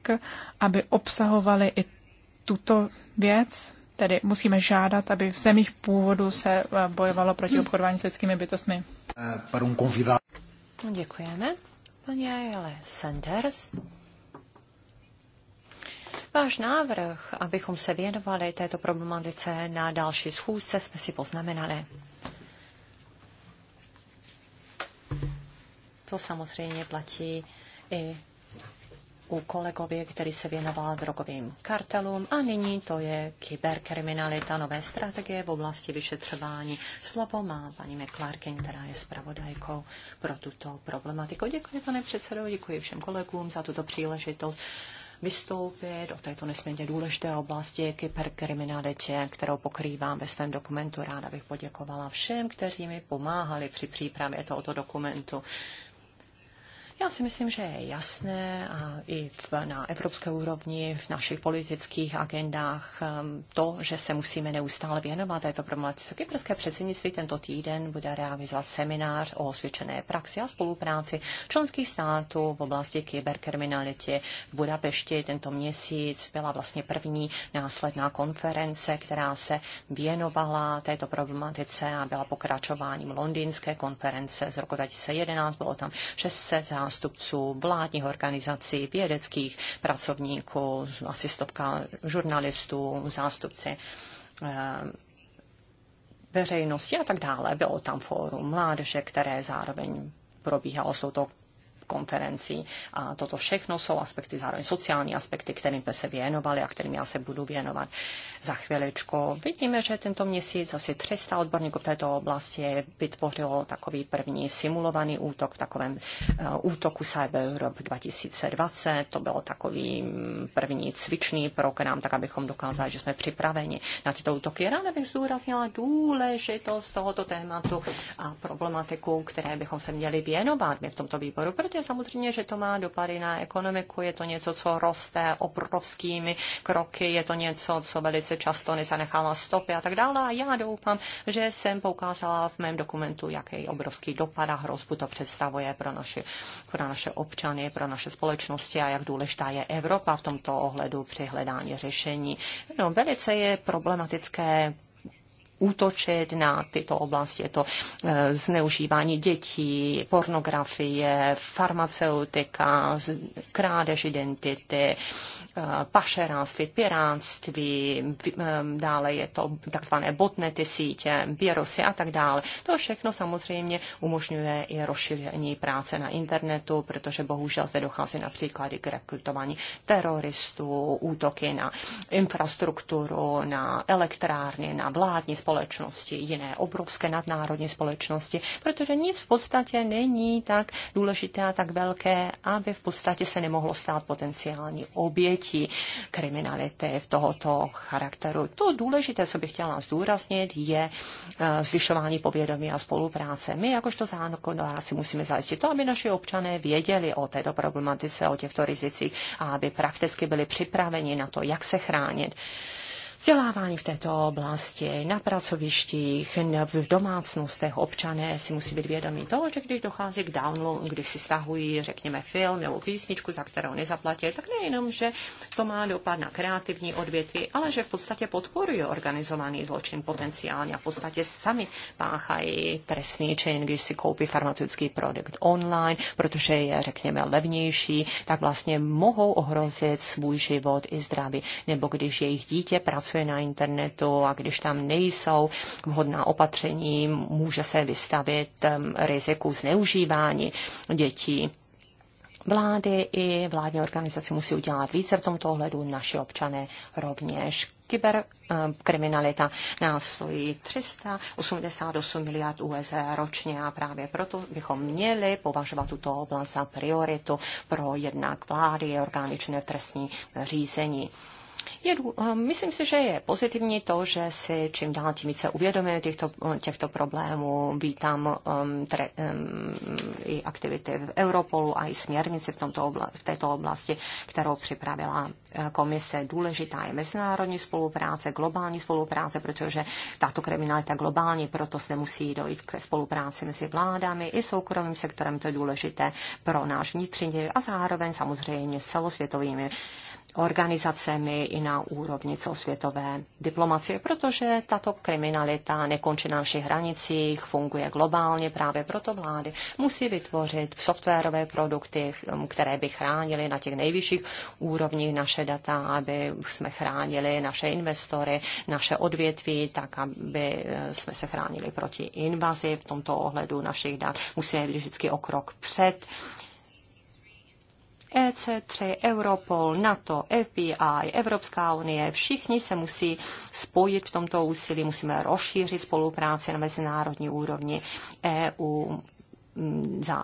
S2: aby obsahovaly i tuto věc, tedy musíme žádat, aby v zemích původu se bojovalo proti obchodování s lidskými bytostmi.
S3: No, děkujeme. Paní Ajele Sanders. Váš návrh, abychom se věnovali této problematice na další schůzce, jsme si poznamenali. To samozřejmě platí i u kolegově, který se věnoval drogovým kartelům a nyní to je kyberkriminalita, nové strategie v oblasti vyšetřování. Slovo má paní McClarkin, která je zpravodajkou pro tuto problematiku. Děkuji, pane předsedo, děkuji všem kolegům za tuto příležitost vystoupit o této nesmírně důležité oblasti kyberkriminalitě, kterou pokrývám ve svém dokumentu. Ráda bych poděkovala všem, kteří mi pomáhali při přípravě tohoto dokumentu. Já si myslím, že je jasné a i v, na evropské úrovni, v našich politických agendách um, to, že se musíme neustále věnovat této problematice. Kyperské předsednictví tento týden bude realizovat seminář o osvědčené praxi a spolupráci členských států v oblasti kyberkriminality v Budapešti. Tento měsíc byla vlastně první následná konference, která se věnovala této problematice a byla pokračováním londýnské konference z roku 2011. Bylo tam 600 zá zástupců vládních organizací, vědeckých pracovníků, asi stopka žurnalistů, zástupci eh, veřejnosti a tak dále. Bylo tam fórum mládeže, které zároveň probíhalo. Jsou to konferencí. A toto všechno jsou aspekty, zároveň sociální aspekty, kterým jsme se věnovali a kterým já se budu věnovat za chviličku. Vidíme, že tento měsíc asi 300 odborníků v této oblasti vytvořilo takový první simulovaný útok v takovém uh, útoku Cyber Europe 2020. To bylo takový mm, první cvičný program, tak abychom dokázali, že jsme připraveni na tyto útoky. Ráda bych zdůraznila důležitost tohoto tématu a problematiku, které bychom se měli věnovat my v tomto výboru, protože protože samozřejmě, že to má dopady na ekonomiku, je to něco, co roste obrovskými kroky, je to něco, co velice často nezanechává stopy a tak dále. A já doufám, že jsem poukázala v mém dokumentu, jaký obrovský dopad a hrozbu to představuje pro naše, pro naše občany, pro naše společnosti a jak důležitá je Evropa v tomto ohledu při hledání řešení. No, velice je problematické útočit na tyto oblasti. Je to eh, zneužívání dětí, pornografie, farmaceutika, krádež identity, pašeránství, piránství, ehm, dále je to takzvané botnety sítě, běrosy a tak dále. To všechno samozřejmě umožňuje i rozšíření práce na internetu, protože bohužel zde dochází například i k rekrutování teroristů, útoky na infrastrukturu, na elektrárny, na vládní společnosti, jiné obrovské nadnárodní společnosti, protože nic v podstatě není tak důležité a tak velké, aby v podstatě se nemohlo stát potenciální oběť dětí, kriminality v tohoto charakteru. To důležité, co bych chtěla zdůraznit, je eh, zvyšování povědomí a spolupráce. My jakožto zákonodárci musíme zajistit to, aby naši občané věděli o této problematice, o těchto rizicích a aby prakticky byli připraveni na to, jak se chránit vzdělávání v této oblasti, na pracovištích, v domácnostech občané si musí být vědomí toho, že když dochází k downloadu, když si stahují, řekněme, film nebo písničku, za kterou nezaplatí, tak nejenom, že to má dopad na kreativní odvětví, ale že v podstatě podporuje organizovaný zločin potenciálně a v podstatě sami páchají trestný čin, když si koupí farmaceutický produkt online, protože je, řekněme, levnější, tak vlastně mohou ohrozit svůj život i zdraví. Nebo když jejich dítě pracuje pracuje na internetu a když tam nejsou vhodná opatření, může se vystavit riziku zneužívání dětí vlády i vládní organizace musí udělat více v tomto ohledu, naši občané rovněž. Kyberkriminalita nás stojí 388 miliard USD ročně a právě proto bychom měli považovat tuto oblast za prioritu pro jednak vlády, orgány v trestní řízení. Je, eh, myslím si, že je pozitivní to, že si čím dál tím více uvědomujeme těchto, eh, těchto problémů. Vítám um, tre, um, i aktivity v Europolu a i směrnici v, tomto obla, v této oblasti, kterou připravila eh, komise. Důležitá je mezinárodní spolupráce, globální spolupráce, protože tato kriminalita globální, proto se musí dojít k spolupráci mezi vládami i soukromým sektorem. To je důležité pro náš vnitřní a zároveň samozřejmě celosvětovými organizacemi i na úrovni celosvětové diplomacie, protože tato kriminalita nekončí na našich hranicích, funguje globálně, právě proto vlády musí vytvořit softwarové produkty, hm, které by chránily na těch nejvyšších úrovních naše data, aby jsme chránili naše investory, naše odvětví, tak aby eh, jsme se chránili proti invazi v tomto ohledu našich dat. Musíme být vždycky o krok před EC3, Europol, NATO, FBI, Evropská unie, všichni se musí spojit v tomto úsilí, musíme rozšířit spolupráci na mezinárodní úrovni EU,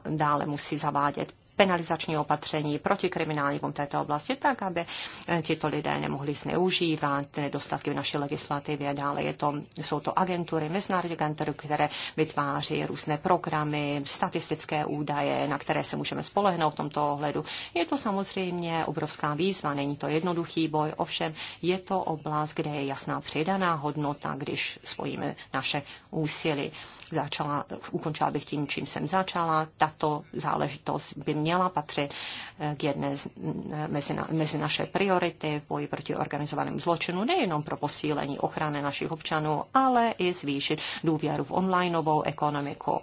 S3: dále musí zavádět penalizační opatření proti kriminálníkům této oblasti, tak aby eh, tito lidé nemohli zneužívat nedostatky v naší legislativě. Dále je to, jsou to agentury, mezinárodní agentury, které vytváří různé programy, statistické údaje, na které se můžeme spolehnout v tomto ohledu. Je to samozřejmě obrovská výzva, není to jednoduchý boj, ovšem je to oblast, kde je jasná přidaná hodnota, když spojíme naše úsilí začala, ukončila bych tím, čím jsem začala. Tato záležitost by měla patřit eh, k jedné z, eh, mezi, na, mezi naše priority v boji proti organizovanému zločinu, nejenom pro posílení ochrany našich občanů, ale i zvýšit důvěru v onlineovou ekonomiku. Uh,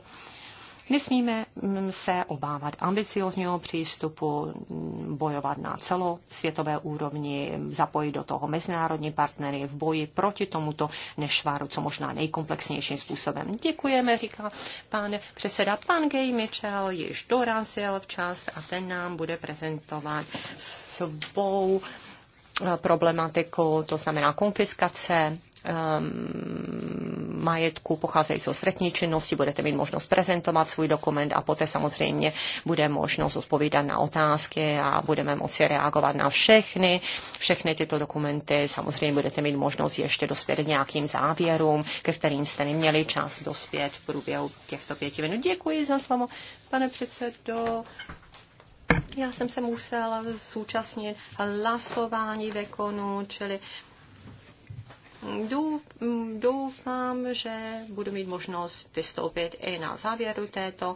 S3: Nesmíme mm, se obávat ambiciozního přístupu, mm, bojovat na celosvětové úrovni, zapojit do toho mezinárodní partnery v boji proti tomuto nešváru, co možná nejkomplexnějším způsobem. Děkujeme, říká pan předseda. Pan Gay Mitchell již dorazil včas a ten nám bude prezentovat svou eh, problematiku, to znamená konfiskace Ehm, majetku, pocházejí z trestní činnosti, budete mít možnost prezentovat svůj dokument a poté samozřejmě bude možnost odpovídat na otázky a budeme moci reagovat na všechny, všechny tyto dokumenty. Samozřejmě budete mít možnost ještě dospět nějakým závěrům, ke kterým jste neměli čas dospět v průběhu těchto pěti minut. Děkuji za slovo, pane předsedo. Já jsem se musela zúčastnit hlasování ve konu, čili Doufám, že budu mít možnost vystoupit i na závěru této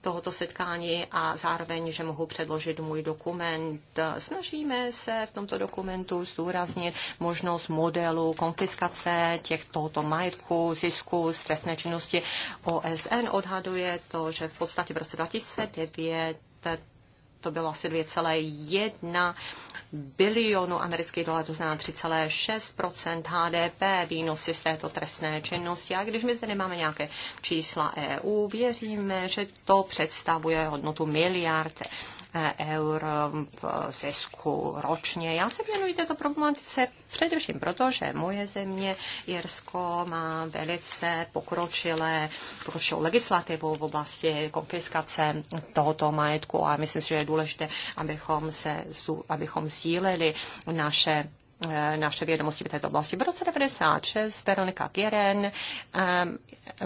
S3: tohoto setkání a zároveň, že mohu předložit můj dokument. Snažíme se v tomto dokumentu zdůraznit možnost modelu konfiskace těchto majetku, zisku stresné činnosti. OSN odhaduje to, že v podstatě v roce 2009 to bylo asi 2,1 bilionu amerických dolarů, to znamená 3,6 HDP výnosy z této trestné činnosti. A když my zde nemáme nějaké čísla EU, věříme, že to představuje hodnotu miliard eur v zisku ročně. Já se věnuji této problematice především proto, že moje země Jirsko má velice pokročilé, pokročilou legislativu v oblasti konfiskace tohoto majetku a myslím si, že je důležité, abychom, se, abychom sdíleli naše Eh, naše vědomosti v této oblasti. V roce 1996 Veronika Gieren eh,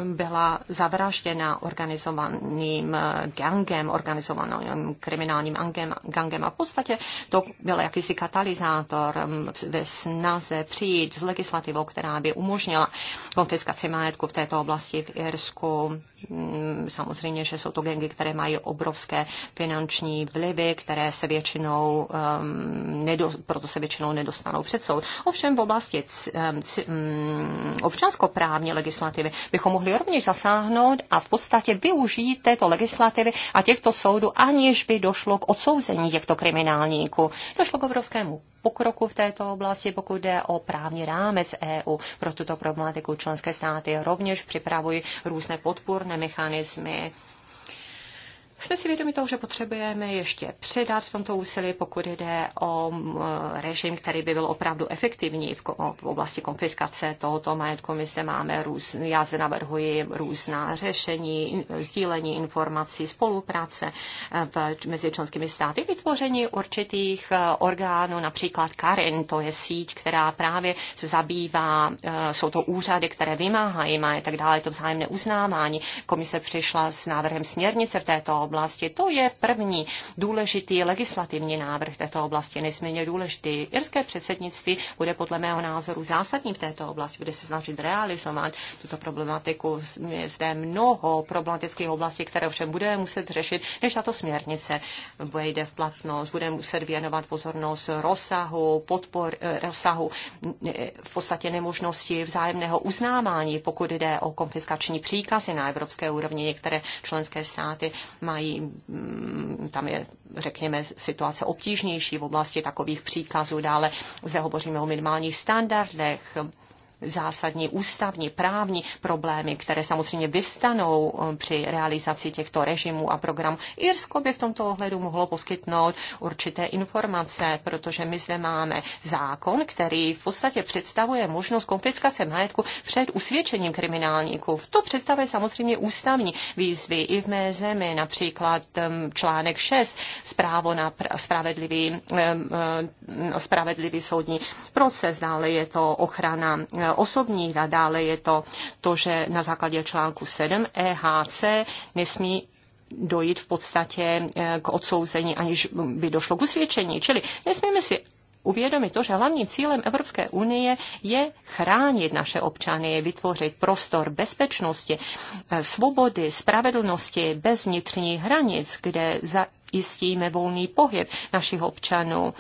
S3: byla zavražděna organizovaným eh, gangem, organizovaným kriminálním gangem a v podstatě to byl jakýsi katalyzátor mm, ve snaze přijít s legislativou, která by umožnila konfiskaci majetku v této oblasti v Irsku Mm, samozřejmě, že jsou to gengy, které mají obrovské finanční vlivy, které se většinou, um, nedo, proto se většinou nedostanou před soud. Ovšem v oblasti um, mm, občanskoprávní legislativy bychom mohli rovněž zasáhnout a v podstatě využít této legislativy a těchto soudů, aniž by došlo k odsouzení těchto kriminálníků. Došlo k obrovskému pokroku v této oblasti, pokud jde o právní rámec EU pro tuto problematiku. Členské státy rovněž připravují různé podpůrné mechanismy jsme si vědomi toho, že potřebujeme ještě předat v tomto úsilí, pokud jde o režim, který by byl opravdu efektivní v oblasti konfiskace tohoto majetku. My zde máme různé, já zde navrhuji různá řešení, sdílení informací, spolupráce eh, v, mezi členskými státy, vytvoření určitých eh, orgánů, například Karin, to je síť, která právě se zabývá, eh, jsou to úřady, které vymáhají majetek, dále je to vzájemné uznávání. Komise přišla s návrhem směrnice v této oblasti. To je první důležitý legislativní návrh této oblasti, nesmírně důležitý. Irské předsednictví bude podle mého názoru zásadní v této oblasti, bude se snažit realizovat tuto problematiku. Je zde mnoho problematických oblastí, které ovšem bude muset řešit, než tato směrnice vejde v platnost. Bude muset věnovat pozornost rozsahu, podpor, eh, rozsahu eh, v podstatě nemožnosti vzájemného uznávání, pokud jde o konfiskační příkazy na evropské úrovni. Některé členské státy mají mají, mm, tam je, řekněme, situace obtížnější v oblasti takových příkazů. Dále zde hovoříme o minimálních standardech, zásadní ústavní, právní problémy, které samozřejmě vyvstanou eh, při realizaci těchto režimů a programů. Irsko by v tomto ohledu mohlo poskytnout určité informace, protože my zde máme zákon, který v podstatě představuje možnost konfiskace majetku před usvědčením kriminálníků. To představuje samozřejmě ústavní výzvy i v mé zemi, například ehm, článek 6, zprávo na spravedlivý, ehm, ehm, spravedlivý soudní proces, dále je to ochrana eh, osobních a dále je to to, že na základě článku 7 EHC nesmí dojít v podstatě eh, k odsouzení, aniž by došlo k usvědčení. Čili nesmíme si uvědomit to, že hlavním cílem Evropské unie je chránit naše občany, je vytvořit prostor bezpečnosti, eh, svobody, spravedlnosti bez vnitřních hranic, kde zajistíme volný pohyb našich občanů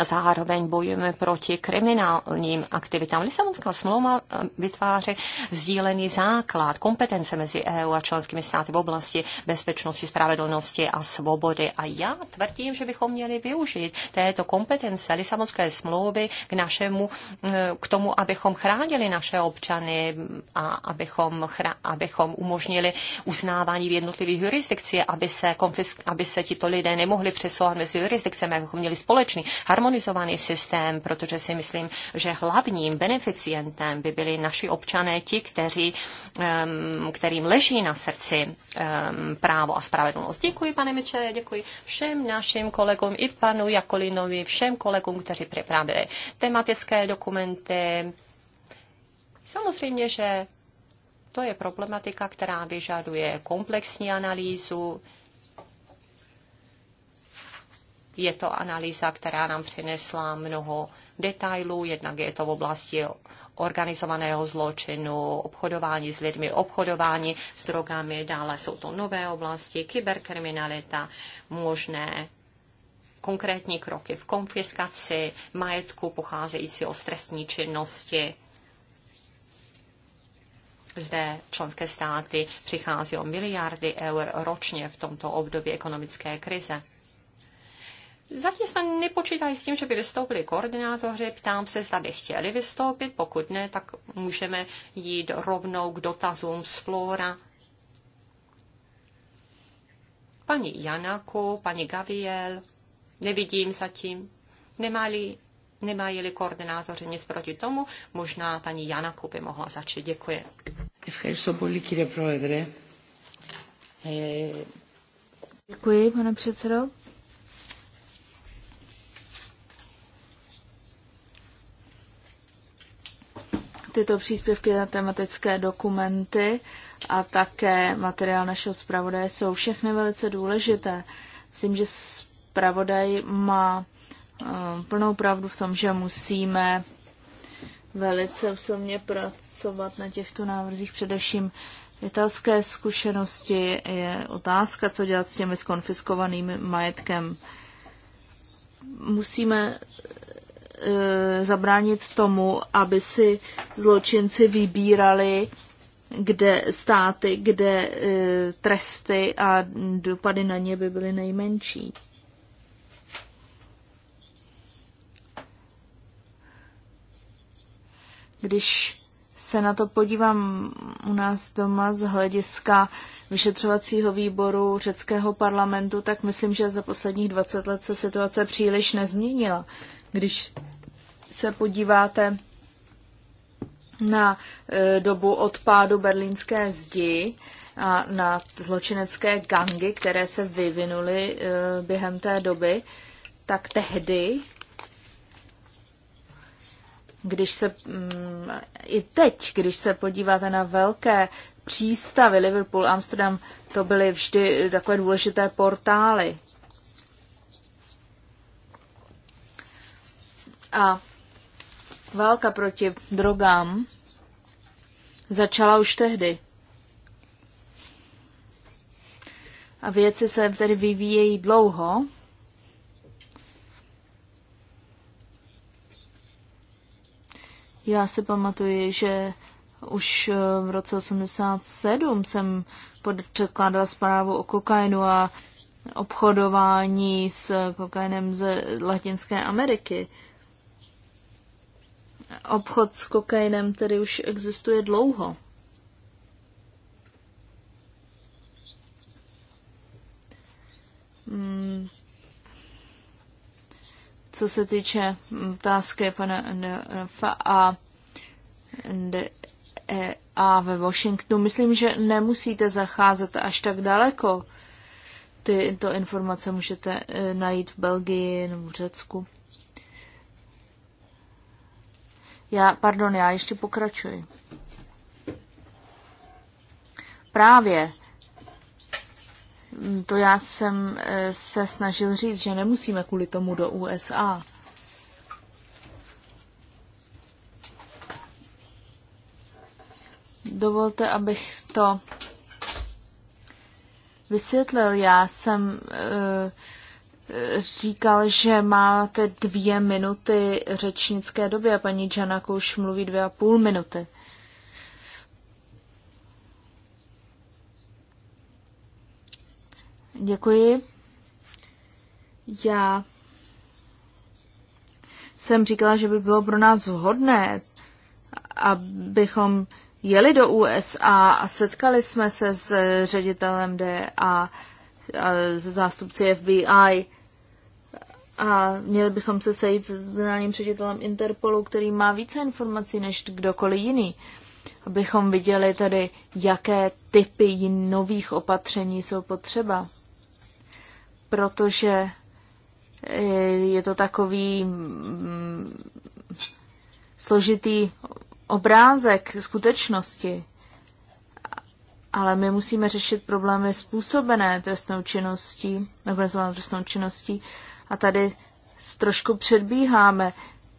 S3: a zároveň bojujeme proti kriminálním aktivitám. Lisabonská smlouva eh, vytváří sdílený základ kompetence mezi EU a členskými státy v oblasti bezpečnosti, spravedlnosti a svobody. A já tvrdím, že bychom měli využít této kompetence Lisabonské smlouvy k našemu, eh, k tomu, abychom chránili naše občany a abychom, chra, abychom umožnili uznávání v jednotlivých jurisdikcích, aby se, konfisk, aby se tito lidé nemohli přesouvat mezi jurisdikcemi, abychom měli společný harmonizovaný systém, protože si myslím, že hlavním beneficientem by byli naši občané, ti, kteří, kterým leží na srdci právo a spravedlnost. Děkuji, pane Mičele, děkuji všem našim kolegům, i panu Jakolinovi, všem kolegům, kteří připravili tematické dokumenty. Samozřejmě, že to je problematika, která vyžaduje komplexní analýzu, je to analýza, která nám přinesla mnoho detailů, jednak je to v oblasti organizovaného zločinu, obchodování s lidmi, obchodování s drogami, dále jsou to nové oblasti, kyberkriminalita, možné konkrétní kroky v konfiskaci majetku pocházející z trestní činnosti. Zde členské státy přichází o miliardy eur ročně v tomto období ekonomické krize. Zatím jsme nepočítali s tím, že by vystoupili koordinátoři, ptám se, zda by chtěli vystoupit, pokud ne, tak můžeme jít rovnou k dotazům z Flora. Paní Janaku, paní Gaviel, nevidím zatím, nemali, nemají-li koordinátoři nic proti tomu, možná paní Janaku by mohla začít. Děkuji. E, Děkuji, pane předsedo.
S1: tyto příspěvky na tematické dokumenty a také materiál našeho zpravodaje jsou všechny velice důležité. Myslím, že zpravodaj má eh, plnou pravdu v tom, že musíme velice osobně pracovat na těchto návrzích, především italské zkušenosti je otázka, co dělat s těmi skonfiskovanými majetkem. Musíme Eh, zabránit tomu, aby si zločinci vybírali kde státy, kde eh, tresty a dopady na ně by byly nejmenší. Když se na to podívám u nás doma z hlediska vyšetřovacího výboru řeckého parlamentu, tak myslím, že za posledních 20 let se situace příliš nezměnila. Když se podíváte na e, dobu odpádu berlínské zdi a na zločinecké gangy, které se vyvinuly e, během té doby, tak tehdy, když se, mm, i teď, když se podíváte na velké přístavy Liverpool, Amsterdam, to byly vždy takové důležité portály. A Válka proti drogám začala už tehdy. A věci se tedy vyvíjejí dlouho. Já si pamatuji, že už eh, v roce 87 jsem předkládala zprávu o kokainu a obchodování s kokainem z Latinské Ameriky. Obchod s kokainem tedy už existuje dlouho. Hmm. Co se týče otázky pana a e a ve Washingtonu. Myslím, že nemusíte zacházet až tak daleko. Tyto informace můžete eh, najít v Belgii nebo v Řecku. Já, pardon, já ještě pokračuji. Právě mm, to já jsem eh, se snažil říct, že nemusíme kvůli tomu do USA. Dovolte, abych to vysvětlil. Já jsem uh, říkal, že máte dvě minuty řečnické doby a paní Čanak už mluví dvě a půl minuty. Děkuji. Já jsem říkala, že by bylo pro nás vhodné, abychom jeli do USA a setkali jsme se s ředitelem DA, se zástupci FBI, a měli bychom se sejít se generálním ředitelem Interpolu, který má více informací než kdokoliv jiný, abychom viděli tady, jaké typy nových opatření jsou potřeba. Protože eh, je to takový mm, složitý obrázek skutečnosti. Ale my musíme řešit problémy způsobené trestnou činností, nebo trestnou činností, a tady trošku předbíháme.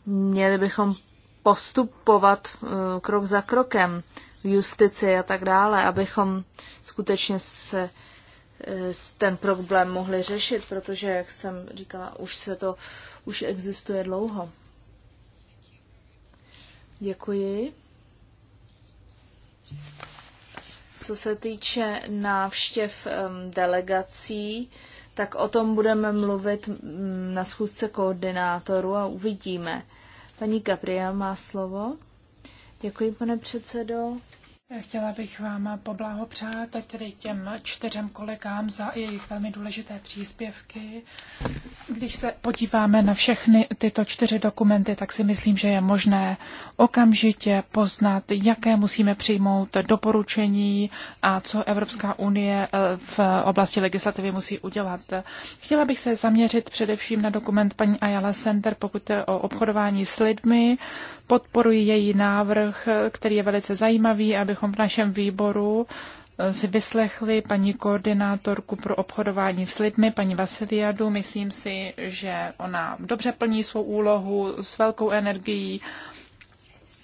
S1: Měli bychom postupovat eh, krok za krokem v justici a tak dále, abychom skutečně se eh, ten problém mohli řešit, protože, jak jsem říkala, už se to, už existuje dlouho. Děkuji. Co se týče návštěv um, delegací, tak o tom budeme mluvit mm, na schůzce koordinátoru a uvidíme. Paní Gabriel má slovo. Děkuji, pane předsedo.
S2: Chtěla bych vám poblahopřát tedy těm čtyřem kolegám za jejich velmi důležité příspěvky. Když se podíváme na všechny tyto čtyři dokumenty, tak si myslím, že je možné okamžitě poznat, jaké musíme přijmout doporučení a co Evropská unie eh, v oblasti legislativy musí udělat. Chtěla bych se zaměřit především na dokument paní Ayala Center, pokud je o obchodování s lidmi, podporuji její návrh, který je velice zajímavý, abychom v našem výboru eh, si vyslechli paní koordinátorku pro obchodování s lidmi, paní Vasiliadu. Myslím si, že ona dobře plní svou úlohu s velkou energií,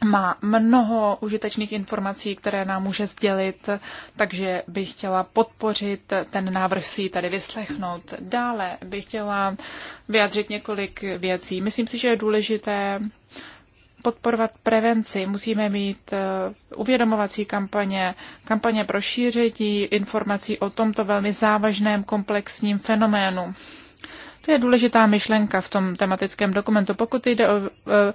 S2: má mnoho užitečných informací, které nám může sdělit, takže bych chtěla podpořit ten návrh si tady vyslechnout. Dále bych chtěla vyjádřit několik věcí. Myslím si, že je důležité podporovat prevenci, musíme mít eh, uvědomovací kampaně, kampaně pro šíření informací o tomto velmi závažném komplexním fenoménu. To je důležitá myšlenka v tom tematickém dokumentu. Pokud jde o eh,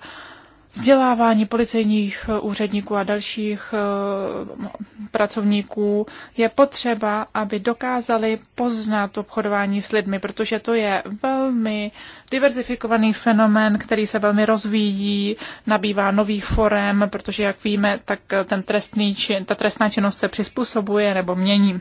S2: Vzdělávání policejních eh, úředníků a dalších eh, pracovníků je potřeba, aby dokázali poznat obchodování s lidmi, protože to je velmi diverzifikovaný fenomén, který se velmi rozvíjí, nabývá nových forem, protože, jak víme, tak eh, ten trestný čin, ta trestná činnost se přizpůsobuje nebo mění.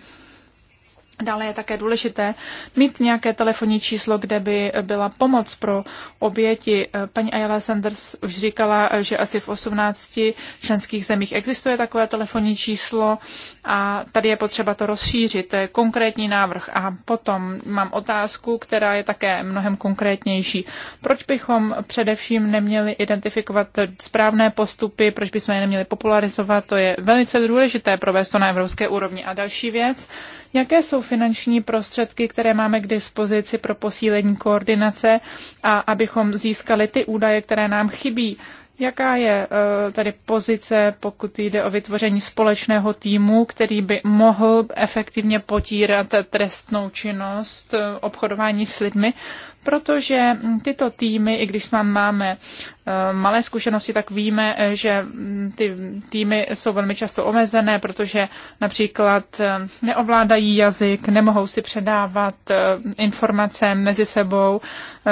S2: Dále je také důležité mít nějaké telefonní číslo, kde by byla pomoc pro oběti. Paní Ayala Sanders už říkala, že asi v 18 členských zemích existuje takové telefonní číslo a tady je potřeba to rozšířit. To je konkrétní návrh. A potom mám otázku, která je také mnohem konkrétnější. Proč bychom především neměli identifikovat správné postupy, proč bychom je neměli popularizovat? To je velice důležité provést to na evropské úrovni. A další věc, Jaké jsou finanční prostředky, které máme k dispozici pro posílení koordinace a abychom získali ty údaje, které nám chybí? Jaká je eh, tady pozice, pokud jde o vytvoření společného týmu, který by mohl efektivně potírat trestnou činnost eh, obchodování s lidmi? protože tyto týmy, i když tam máme eh, malé zkušenosti, tak víme, eh, že mm, ty týmy jsou velmi často omezené, protože například eh, neovládají jazyk, nemohou si předávat informace mezi sebou,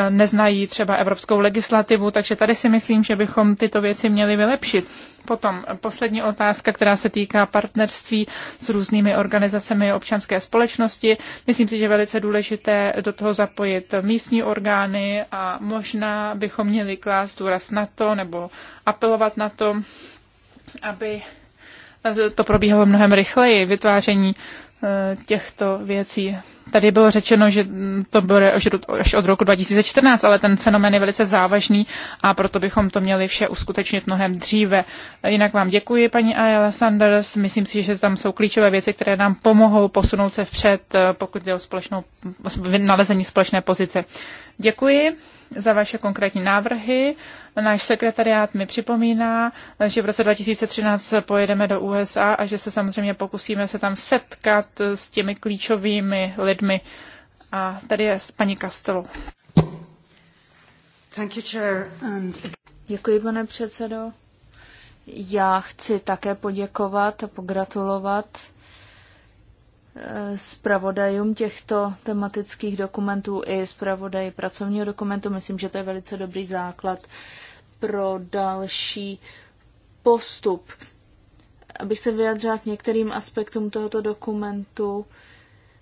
S2: neznají třeba evropskou legislativu, takže tady si myslím, že bychom tyto věci měli vylepšit. Potom poslední otázka, která se týká partnerství s různými organizacemi občanské společnosti. Myslím si, že je velice důležité do toho zapojit místní orgány a možná bychom měli klást důraz na to nebo apelovat na to, aby to probíhalo mnohem rychleji, vytváření Eh, těchto věcí. Tady bylo řečeno, že to bude až od roku 2014, ale ten fenomen je velice závažný a proto bychom to měli vše uskutečnit mnohem dříve. Jinak vám děkuji, paní Ayala Sanders. Myslím si, že tam jsou klíčové věci, které nám pomohou posunout se vpřed, eh, pokud jde o společnou, nalezení společné pozice. Děkuji za vaše konkrétní návrhy Náš sekretariát mi připomíná, že v roce 2013 pojedeme do USA a že se samozřejmě pokusíme se tam setkat s těmi klíčovými lidmi. A tady je paní Kastelou. And... Děkuji, pane předsedo. Já chci také
S1: poděkovat a pogratulovat zpravodajům těchto tematických dokumentů i zpravodaji pracovního dokumentu. Myslím, že to je velice dobrý základ pro další postup. Abych se vyjadřila k některým aspektům tohoto dokumentu,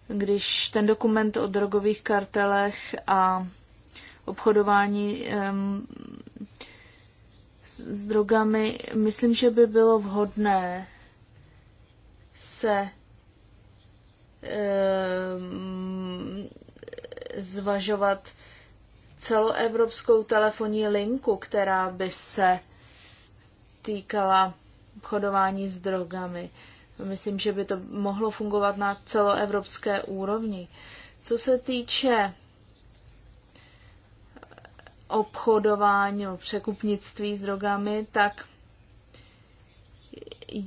S1: když ten dokument o drogových kartelech a obchodování um, s drogami, myslím, že by bylo vhodné se Eh, zvažovat celoevropskou telefonní linku, která by se týkala obchodování s drogami. Myslím, že by to mohlo fungovat na celoevropské úrovni. Co se týče obchodování překupnictví s drogami, tak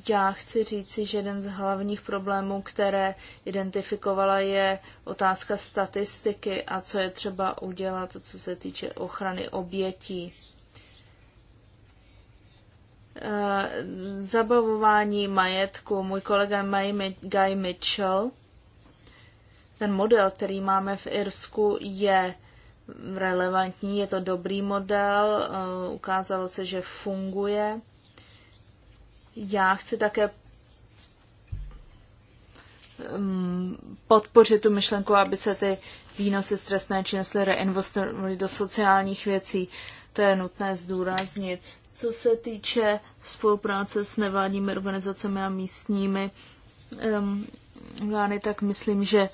S1: já chci říci, že jeden z hlavních problémů, které identifikovala, je otázka statistiky a co je třeba udělat, co se týče ochrany obětí. Eh, zabavování majetku. Můj kolega Guy Mitchell, ten model, který máme v Irsku, je relevantní, je to dobrý model, eh, ukázalo se, že funguje já chci také um, podpořit tu myšlenku, aby se ty výnosy z trestné činnosti reinvestovaly do sociálních věcí. To je nutné zdůraznit. Co se týče spolupráce s nevládními organizacemi a místními orgány, um, tak myslím, že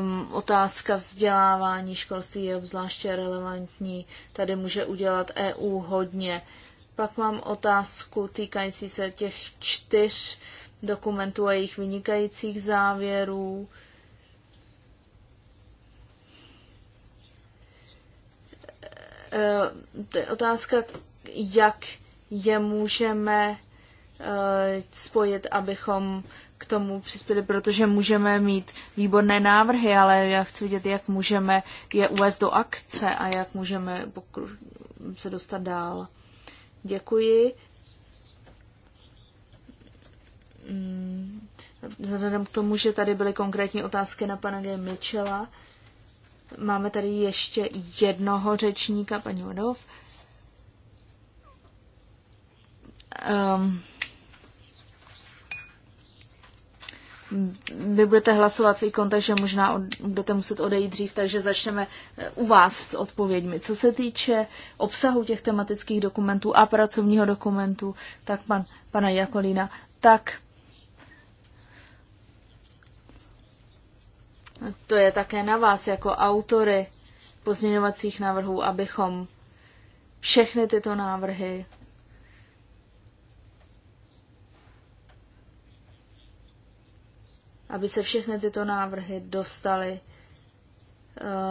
S1: um, otázka vzdělávání školství je obzvláště relevantní. Tady může udělat EU hodně. Pak mám otázku týkající se těch čtyř dokumentů a jejich vynikajících závěrů. Eh, to je otázka, jak je můžeme eh, spojit, abychom k tomu přispěli, protože můžeme mít výborné návrhy, ale já chci vidět, jak můžeme je uvést do akce a jak můžeme se dostat dál. Děkuji. Mm, vzhledem k tomu, že tady byly konkrétní otázky na pana G. Michela, máme tady ještě jednoho řečníka, paní Vodov. Um, Vy budete hlasovat v ikon, takže možná od, budete muset odejít dřív, takže začneme eh, u vás s odpověďmi. Co se týče obsahu těch tematických dokumentů a pracovního dokumentu, tak pan, pana Jakolína, tak to je také na vás jako autory pozměňovacích návrhů, abychom všechny tyto návrhy aby se všechny tyto návrhy dostaly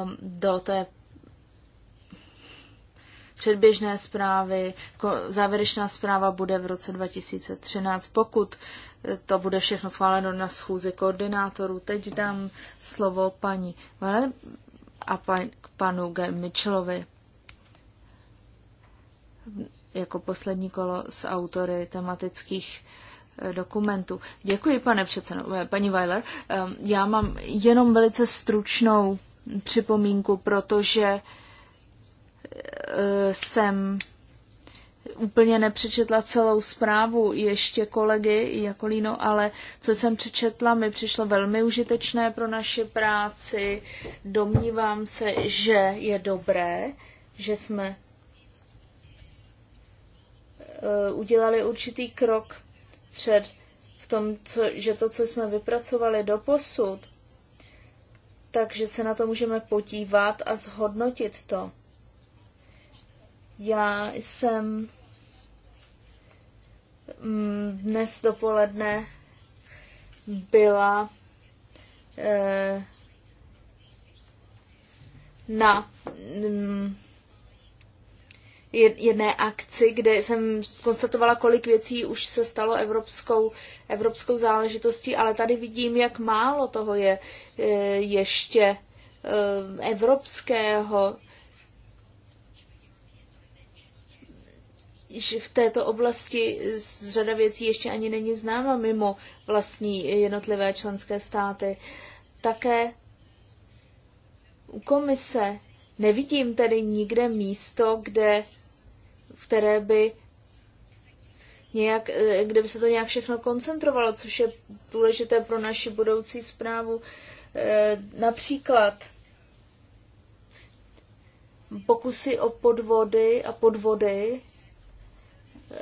S1: um, do té předběžné zprávy. Závěrečná zpráva bude v roce 2013, pokud eh, to bude všechno schváleno na schůzi koordinátorů. Teď dám slovo paní Vale a pan, k panu G. Mitchellovi jako poslední kolo s autory tematických dokumentu. Děkuji, pane předsedo, eh, paní Weiler. Ehm, já mám jenom velice stručnou připomínku, protože eh, jsem úplně nepřečetla celou zprávu ještě kolegy Jakolíno, ale co jsem přečetla, mi přišlo velmi užitečné pro naši práci. Domnívám se, že je dobré, že jsme eh, udělali určitý krok před v tom, co, že to, co jsme vypracovali do posud, takže se na to můžeme podívat a zhodnotit to. Já jsem mm, dnes dopoledne byla eh, na mm, jedné akci, kde jsem konstatovala, kolik věcí už se stalo evropskou, evropskou záležitostí, ale tady vidím, jak málo toho je e, ještě e, evropského. že v této oblasti z řada věcí ještě ani není známa mimo vlastní jednotlivé členské státy. Také u komise nevidím tedy nikde místo, kde v které by nějak, eh, kde by se to nějak všechno koncentrovalo, což je důležité pro naši budoucí zprávu. Eh, například pokusy o podvody a podvody, eh,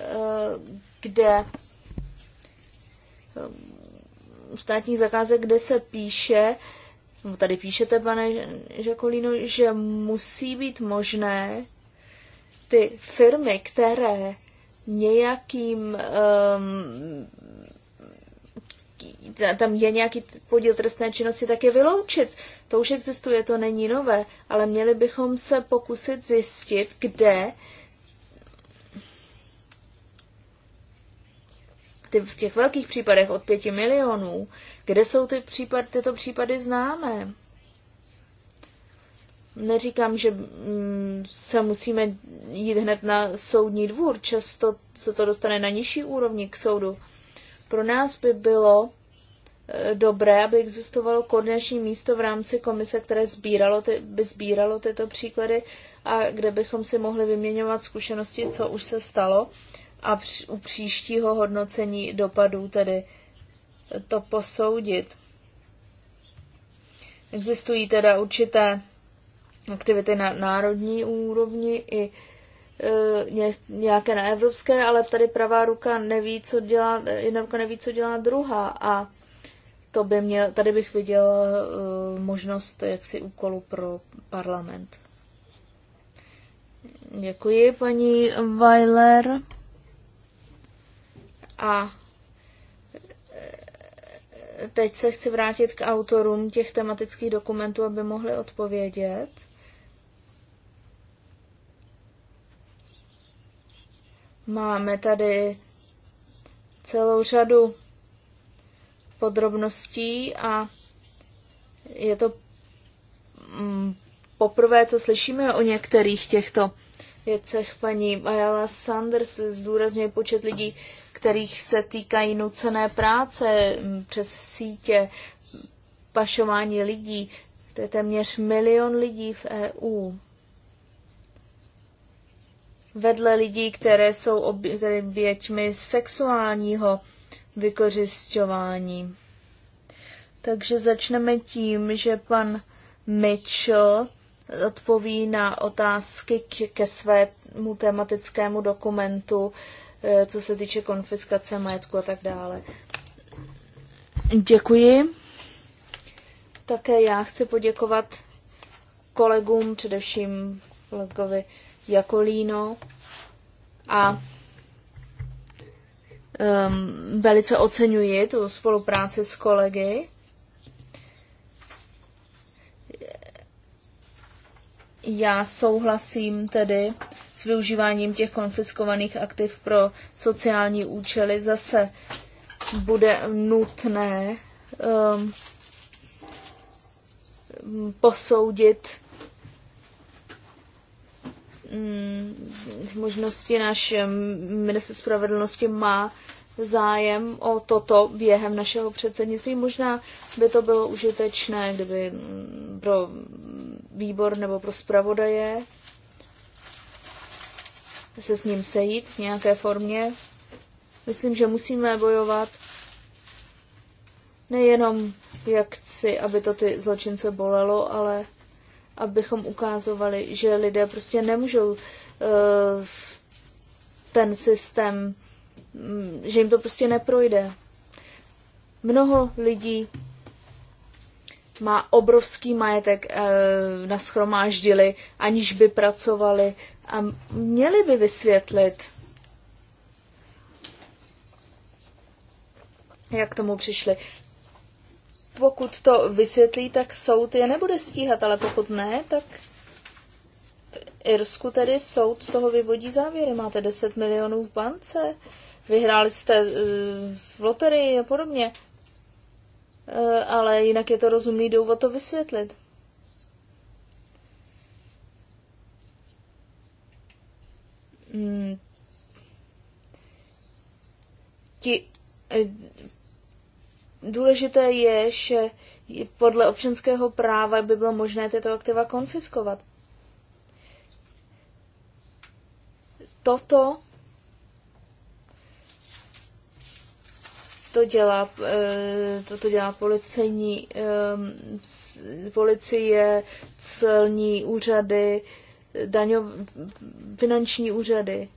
S1: kde státních zakázek, kde se píše, tady píšete, pane Žakolíno, že musí být možné ty firmy, které nějakým um, tam je nějaký podíl trestné činnosti, tak je vyloučit. To už existuje, to není nové, ale měli bychom se pokusit zjistit, kde ty, v těch velkých případech od pěti milionů, kde jsou ty případ, tyto případy známé neříkám, že mm, se musíme jít hned na soudní dvůr, často se to dostane na nižší úrovni k soudu. Pro nás by bylo eh, dobré, aby existovalo koordinační místo v rámci komise, které sbíralo ty, by sbíralo tyto příklady a kde bychom si mohli vyměňovat zkušenosti, co už se stalo a při, u příštího hodnocení dopadů tedy to posoudit. Existují teda určité aktivity na národní úrovni i e, nějaké na evropské, ale tady pravá ruka neví, co dělá, jedna ruka neví, co dělá druhá a to by měl, tady bych viděl e, možnost jaksi úkolu pro parlament. Děkuji, paní Weiler. A e, teď se chci vrátit k autorům těch tematických dokumentů, aby mohli odpovědět. Máme tady celou řadu podrobností a je to mm, poprvé, co slyšíme o některých těchto věcech. Paní Ayala Sanders zdůrazňuje počet lidí, kterých se týkají nucené práce mm, přes sítě, pašování lidí. To je téměř milion lidí v EU vedle lidí, které jsou oběťmi sexuálního vykořišťování. Takže začneme tím, že pan Mitchell odpoví na otázky ke svému tematickému dokumentu, eh, co se týče konfiskace majetku a tak dále. Děkuji. Také já chci poděkovat kolegům, především kolegovi jako líno a um, velice oceňuji tu spolupráci s kolegy. Já souhlasím tedy s využíváním těch konfiskovaných aktiv pro sociální účely. Zase bude nutné um, posoudit Mm, možnosti náš mm, minister spravedlnosti má zájem o toto během našeho předsednictví. Možná by to bylo užitečné, kdyby mm, pro výbor nebo pro zpravodaje se s ním sejít v nějaké formě. Myslím, že musíme bojovat nejenom jak chci, aby to ty zločince bolelo, ale abychom ukázovali, že lidé prostě nemůžou eh, ten systém, mm, že jim to prostě neprojde. Mnoho lidí má obrovský majetek eh, na schromáždili, aniž by pracovali a měli by vysvětlit, jak k tomu přišli pokud to vysvětlí, tak soud je nebude stíhat, ale pokud ne, tak Irsku tedy soud z toho vyvodí závěry. Máte 10 milionů v bance, vyhráli jste eh, v loterii a podobně. Eh, ale jinak je to rozumný důvod to vysvětlit. Hmm. Ti eh, Důležité je, že podle občanského práva by bylo možné tyto aktiva konfiskovat. Toto to dělá, eh, to dělá policejní, ehm, policie, celní úřady, daňo, finanční úřady.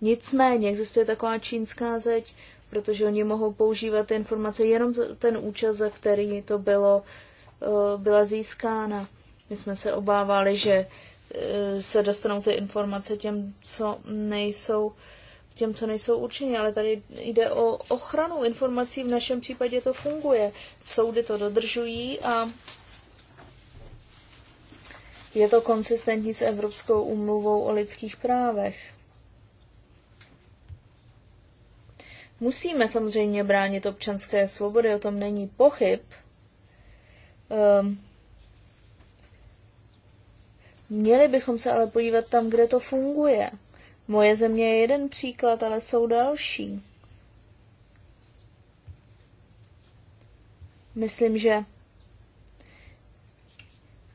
S1: Nicméně existuje taková čínská zeď, protože oni mohou používat ty informace jenom za ten účel, za který to bylo, eh, byla získána. My jsme se obávali, že eh, se dostanou ty informace těm, co nejsou těm, co nejsou určeny, ale tady jde o ochranu informací, v našem případě to funguje. Soudy to dodržují a je to konsistentní s Evropskou umluvou o lidských právech. Musíme samozřejmě bránit občanské svobody, o tom není pochyb. Um, měli bychom se ale podívat tam, kde to funguje. Moje země je jeden příklad, ale jsou další. Myslím, že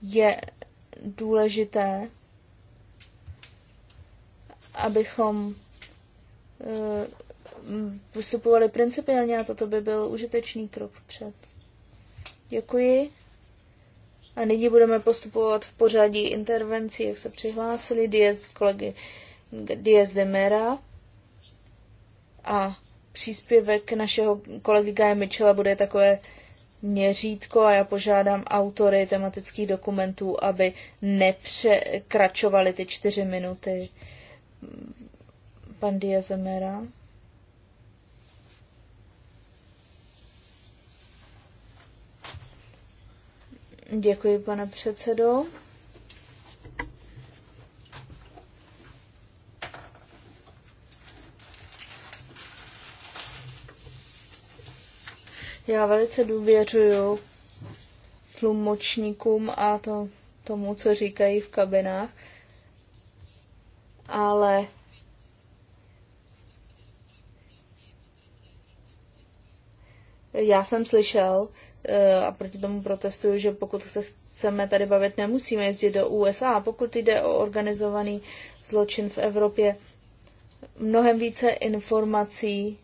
S1: je důležité, abychom eh, postupovali principiálně a toto by byl užitečný krok před. Děkuji. A nyní budeme postupovat v pořadí intervencí, jak se přihlásili Diez, kolegy Diez de Mera a příspěvek našeho kolegy Gaja Mitchella bude takové měřítko a já požádám autory tematických dokumentů, aby nepřekračovali ty čtyři minuty. Pan Diaz Mera. Děkuji, pane předsedo. Já velice důvěřuju tlumočníkům a to, tomu, co říkají v kabinách, ale Já jsem slyšel, eh, a proti tomu protestuju, že pokud se chceme tady bavit, nemusíme jezdit do USA. Pokud jde o organizovaný zločin v Evropě, mnohem více informací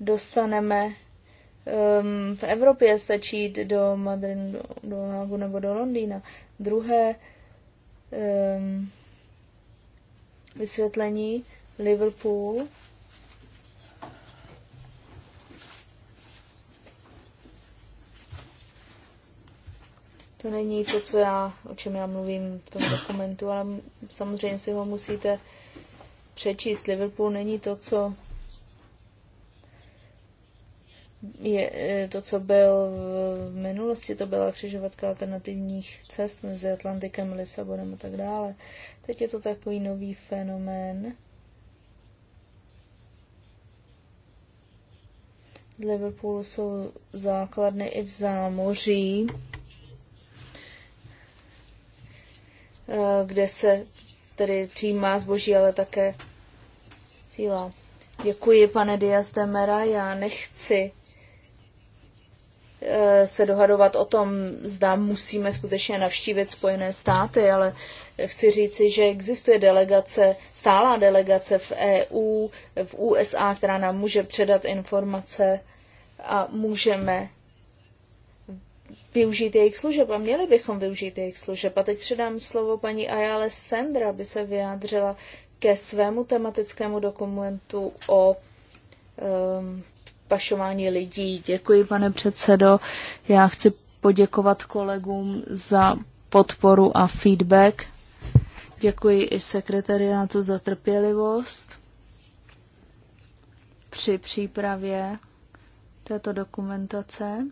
S1: dostaneme um, v Evropě. Stačí jít do Madridu, do, do Hagu nebo do Londýna. Druhé um, vysvětlení Liverpool To není to, co já, o čem já mluvím v tom dokumentu, ale samozřejmě si ho musíte přečíst. Liverpool není to, co je eh, to, co byl v minulosti, to byla křižovatka alternativních cest mezi Atlantikem, Lisabonem a tak dále. Teď je to takový nový fenomén. V Liverpoolu jsou základny i v zámoří. Eh, kde se tedy přijímá zboží, ale také síla. Děkuji, pane Diaz de Mera. Já nechci eh, se dohadovat o tom, zda musíme skutečně navštívit Spojené státy, ale chci říci, že existuje delegace, stálá delegace v EU, v USA, která nám může předat informace a můžeme využít jejich služeb a měli bychom využít jejich služeb. A teď předám slovo paní Ayale Sandra, aby se vyjádřila ke svému tematickému dokumentu o um, pašování lidí. Děkuji, pane předsedo. Já chci poděkovat kolegům za podporu a feedback. Děkuji i sekretariátu za trpělivost při přípravě této dokumentace.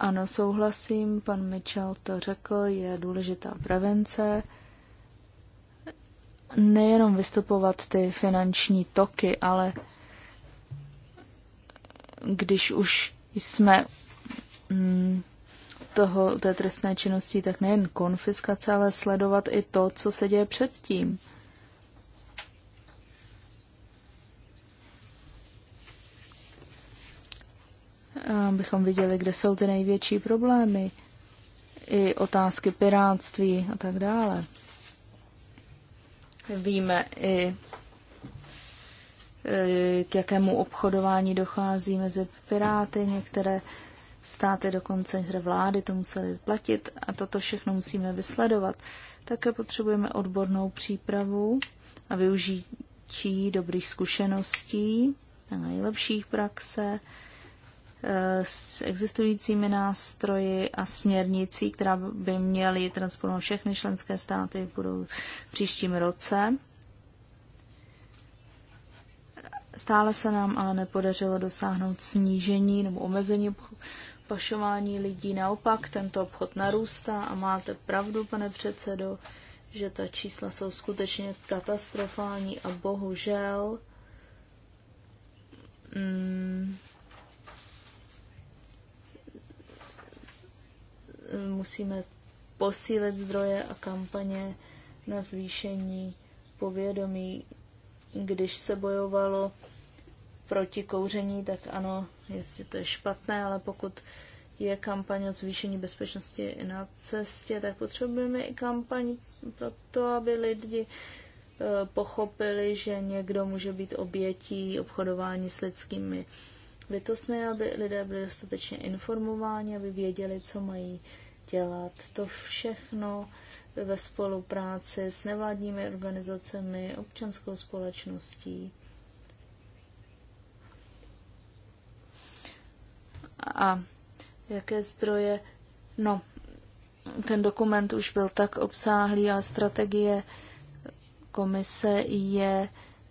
S1: Ano, souhlasím, pan Mitchell to řekl, je důležitá prevence. Nejenom vystupovat ty finanční toky, ale když už jsme mm, toho, té trestné činnosti, tak nejen konfiskace, ale sledovat i to, co se děje předtím. abychom viděli, kde jsou ty největší problémy, i otázky piráctví a tak dále. Víme i, e, k jakému obchodování dochází mezi piráty. Některé státy, dokonce některé vlády to museli platit a toto všechno musíme vysledovat. Také potřebujeme odbornou přípravu a využití dobrých zkušeností a nejlepších praxe Eh, s existujícími nástroji a směrnicí, která by měly transponovat všechny členské státy budou v příštím roce. Stále se nám ale nepodařilo dosáhnout snížení nebo omezení pašování lidí. Naopak tento obchod narůstá a máte pravdu, pane předsedo, že ta čísla jsou skutečně katastrofální a bohužel. Mm, musíme posílit zdroje a kampaně na zvýšení povědomí. Když se bojovalo proti kouření, tak ano, jestli to je špatné, ale pokud je kampaň o zvýšení bezpečnosti na cestě, tak potřebujeme i kampaň pro to, aby lidi eh, pochopili, že někdo může být obětí obchodování s lidskými bytostmi, aby lidé byli dostatečně informováni, aby věděli, co mají dělat to všechno ve spolupráci s nevládními organizacemi, občanskou společností. A jaké zdroje? No, ten dokument už byl tak obsáhlý a strategie komise je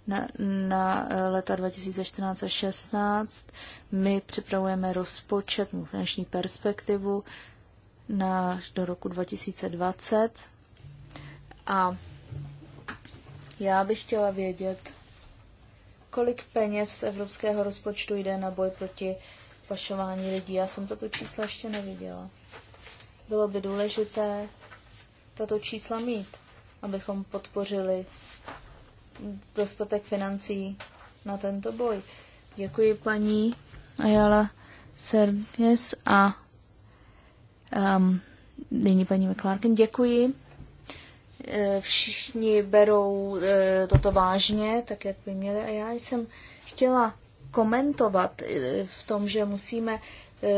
S1: na, na leta 2014 a 16. My připravujeme rozpočet, finanční perspektivu, na, do roku 2020. A já bych chtěla vědět, kolik peněz z evropského rozpočtu jde na boj proti pašování lidí. Já jsem tato čísla ještě neviděla. Bylo by důležité tato čísla mít, abychom podpořili dostatek financí na tento boj. Děkuji paní Ayala Serges a Um, nyní paní McClarkin, děkuji. Eh, všichni berou eh, toto vážně, tak jak by měli. A já jsem chtěla komentovat eh, v tom, že musíme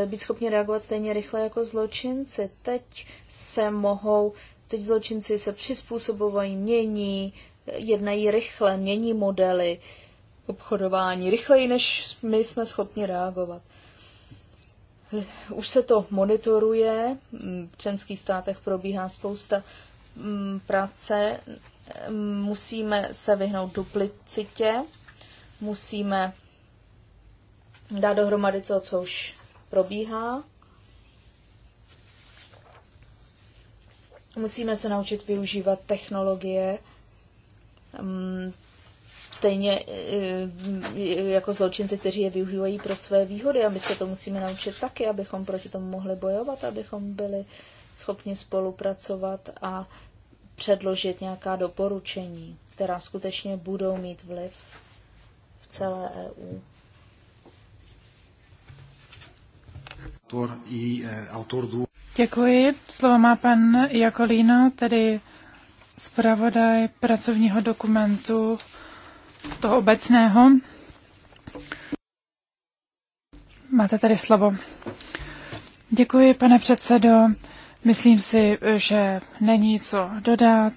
S1: být schopni reagovat stejně rychle jako zločinci. Teď se mohou, teď zločinci se přizpůsobují, mění, jednají rychle, mění modely obchodování, rychleji, než my jsme schopni reagovat. Už se to monitoruje, v členských státech probíhá spousta mm, práce, musíme se vyhnout duplicitě, musíme dát dohromady to, co už probíhá. Musíme se naučit využívat technologie, mm, stejně eh, eh, jako zločinci, kteří je využívají pro své výhody a my se to musíme naučit taky, abychom proti tomu mohli bojovat, abychom byli schopni spolupracovat a předložit nějaká doporučení, která skutečně budou mít vliv v celé EU. Eh,
S2: Děkuji. Slovo má pan Jakolína tedy zpravodaj pracovního dokumentu toho obecného. Máte tady slovo. Děkuji, pane předsedo. Myslím si, že není co dodat.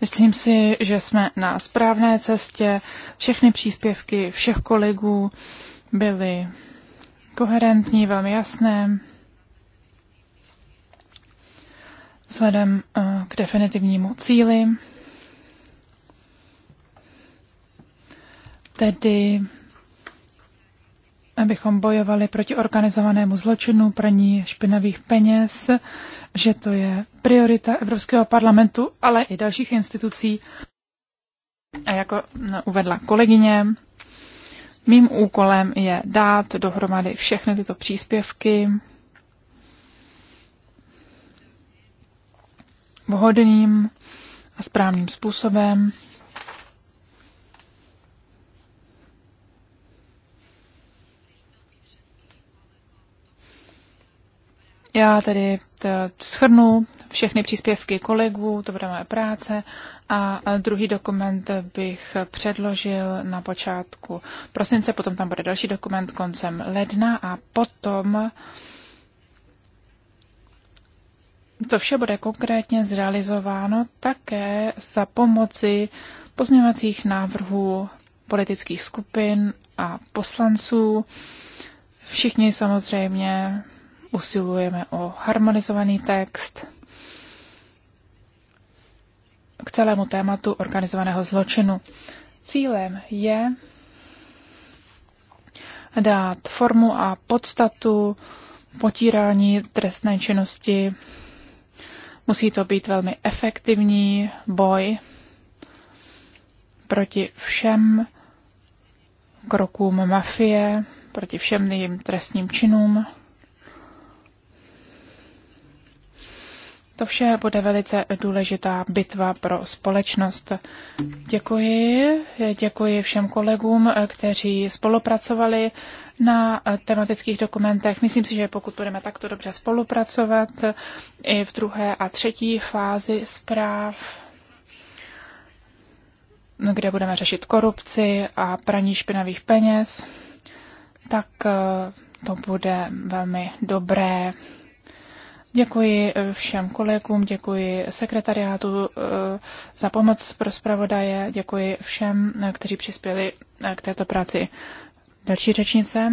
S2: Myslím si, že jsme na správné cestě. Všechny příspěvky všech kolegů byly koherentní, velmi jasné. Vzhledem eh, k definitivnímu cíli. tedy abychom bojovali proti organizovanému zločinu, praní špinavých peněz, že to je priorita Evropského parlamentu, ale i dalších institucí. A jako no, uvedla kolegyně, mým úkolem je dát dohromady všechny tyto příspěvky vhodným a správným způsobem Já tedy eh, shrnu všechny příspěvky kolegů, to bude moje práce, a druhý dokument bych předložil na počátku prosince, potom tam bude další dokument koncem ledna a potom to vše bude konkrétně zrealizováno také za pomoci pozměňovacích návrhů politických skupin a poslanců. Všichni samozřejmě usilujeme o harmonizovaný text k celému tématu organizovaného zločinu. Cílem je dát formu a podstatu potírání trestné činnosti. Musí to být velmi efektivní boj proti všem krokům mafie, proti všem jejím trestním činům. To vše bude velice důležitá bitva pro společnost. Děkuji, děkuji všem kolegům, kteří spolupracovali na tematických dokumentech. Myslím si, že pokud budeme takto dobře spolupracovat i v druhé a třetí fázi zpráv, kde budeme řešit korupci a praní špinavých peněz, tak to bude velmi dobré Děkuji eh, všem kolegům, děkuji sekretariátu eh, za pomoc pro zpravodaje, děkuji všem, eh, kteří přispěli k této práci. Další řečnice.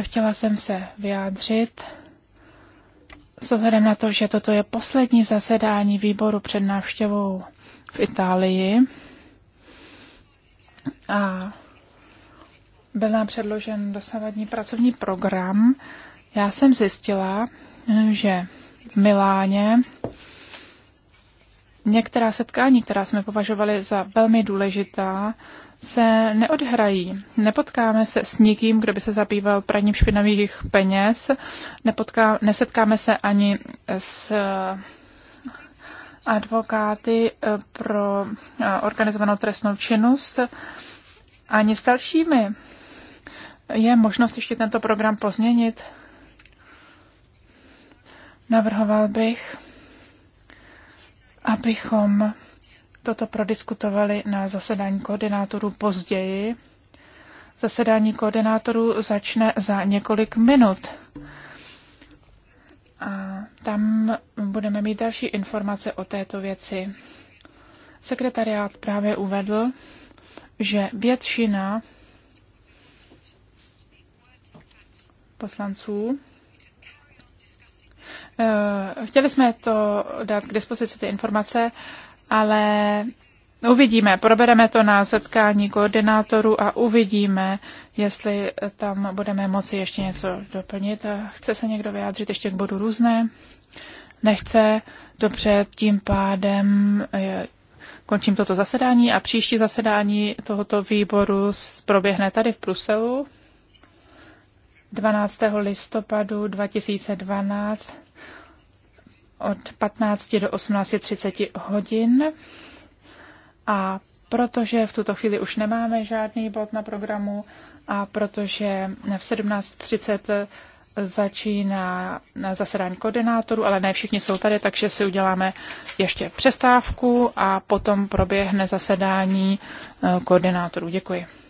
S2: Chtěla jsem se vyjádřit s ohledem na to, že toto je poslední zasedání výboru před návštěvou v Itálii. A byl nám předložen dosavadní pracovní program, já jsem zjistila, že v Miláně některá setkání, která jsme považovali za velmi důležitá, se neodhrají. Nepotkáme se s nikým, kdo by se zabýval praním špinavých peněz. Nepotká, nesetkáme se ani s eh, advokáty eh, pro eh, organizovanou trestnou činnost, ani s dalšími. Je možnost ještě tento program pozměnit? Navrhoval bych, abychom toto prodiskutovali na zasedání koordinátorů později. Zasedání koordinátorů začne za několik minut. A tam budeme mít další informace o této věci. Sekretariát právě uvedl, že většina poslanců Eh, chtěli jsme to dát k dispozici ty informace, ale uvidíme, probereme to na setkání koordinátorů a uvidíme, jestli tam budeme moci ještě něco doplnit. Chce se někdo vyjádřit ještě k bodu různé? Nechce. Dobře, tím pádem eh, končím toto zasedání a příští zasedání tohoto výboru proběhne tady v Bruselu 12. listopadu 2012 od 15 do 18.30 hodin. A protože v tuto chvíli už nemáme žádný bod na programu a protože v 17.30 začíná zasedání koordinátorů, ale ne všichni jsou tady, takže si uděláme ještě přestávku a potom proběhne zasedání eh, koordinátorů. Děkuji.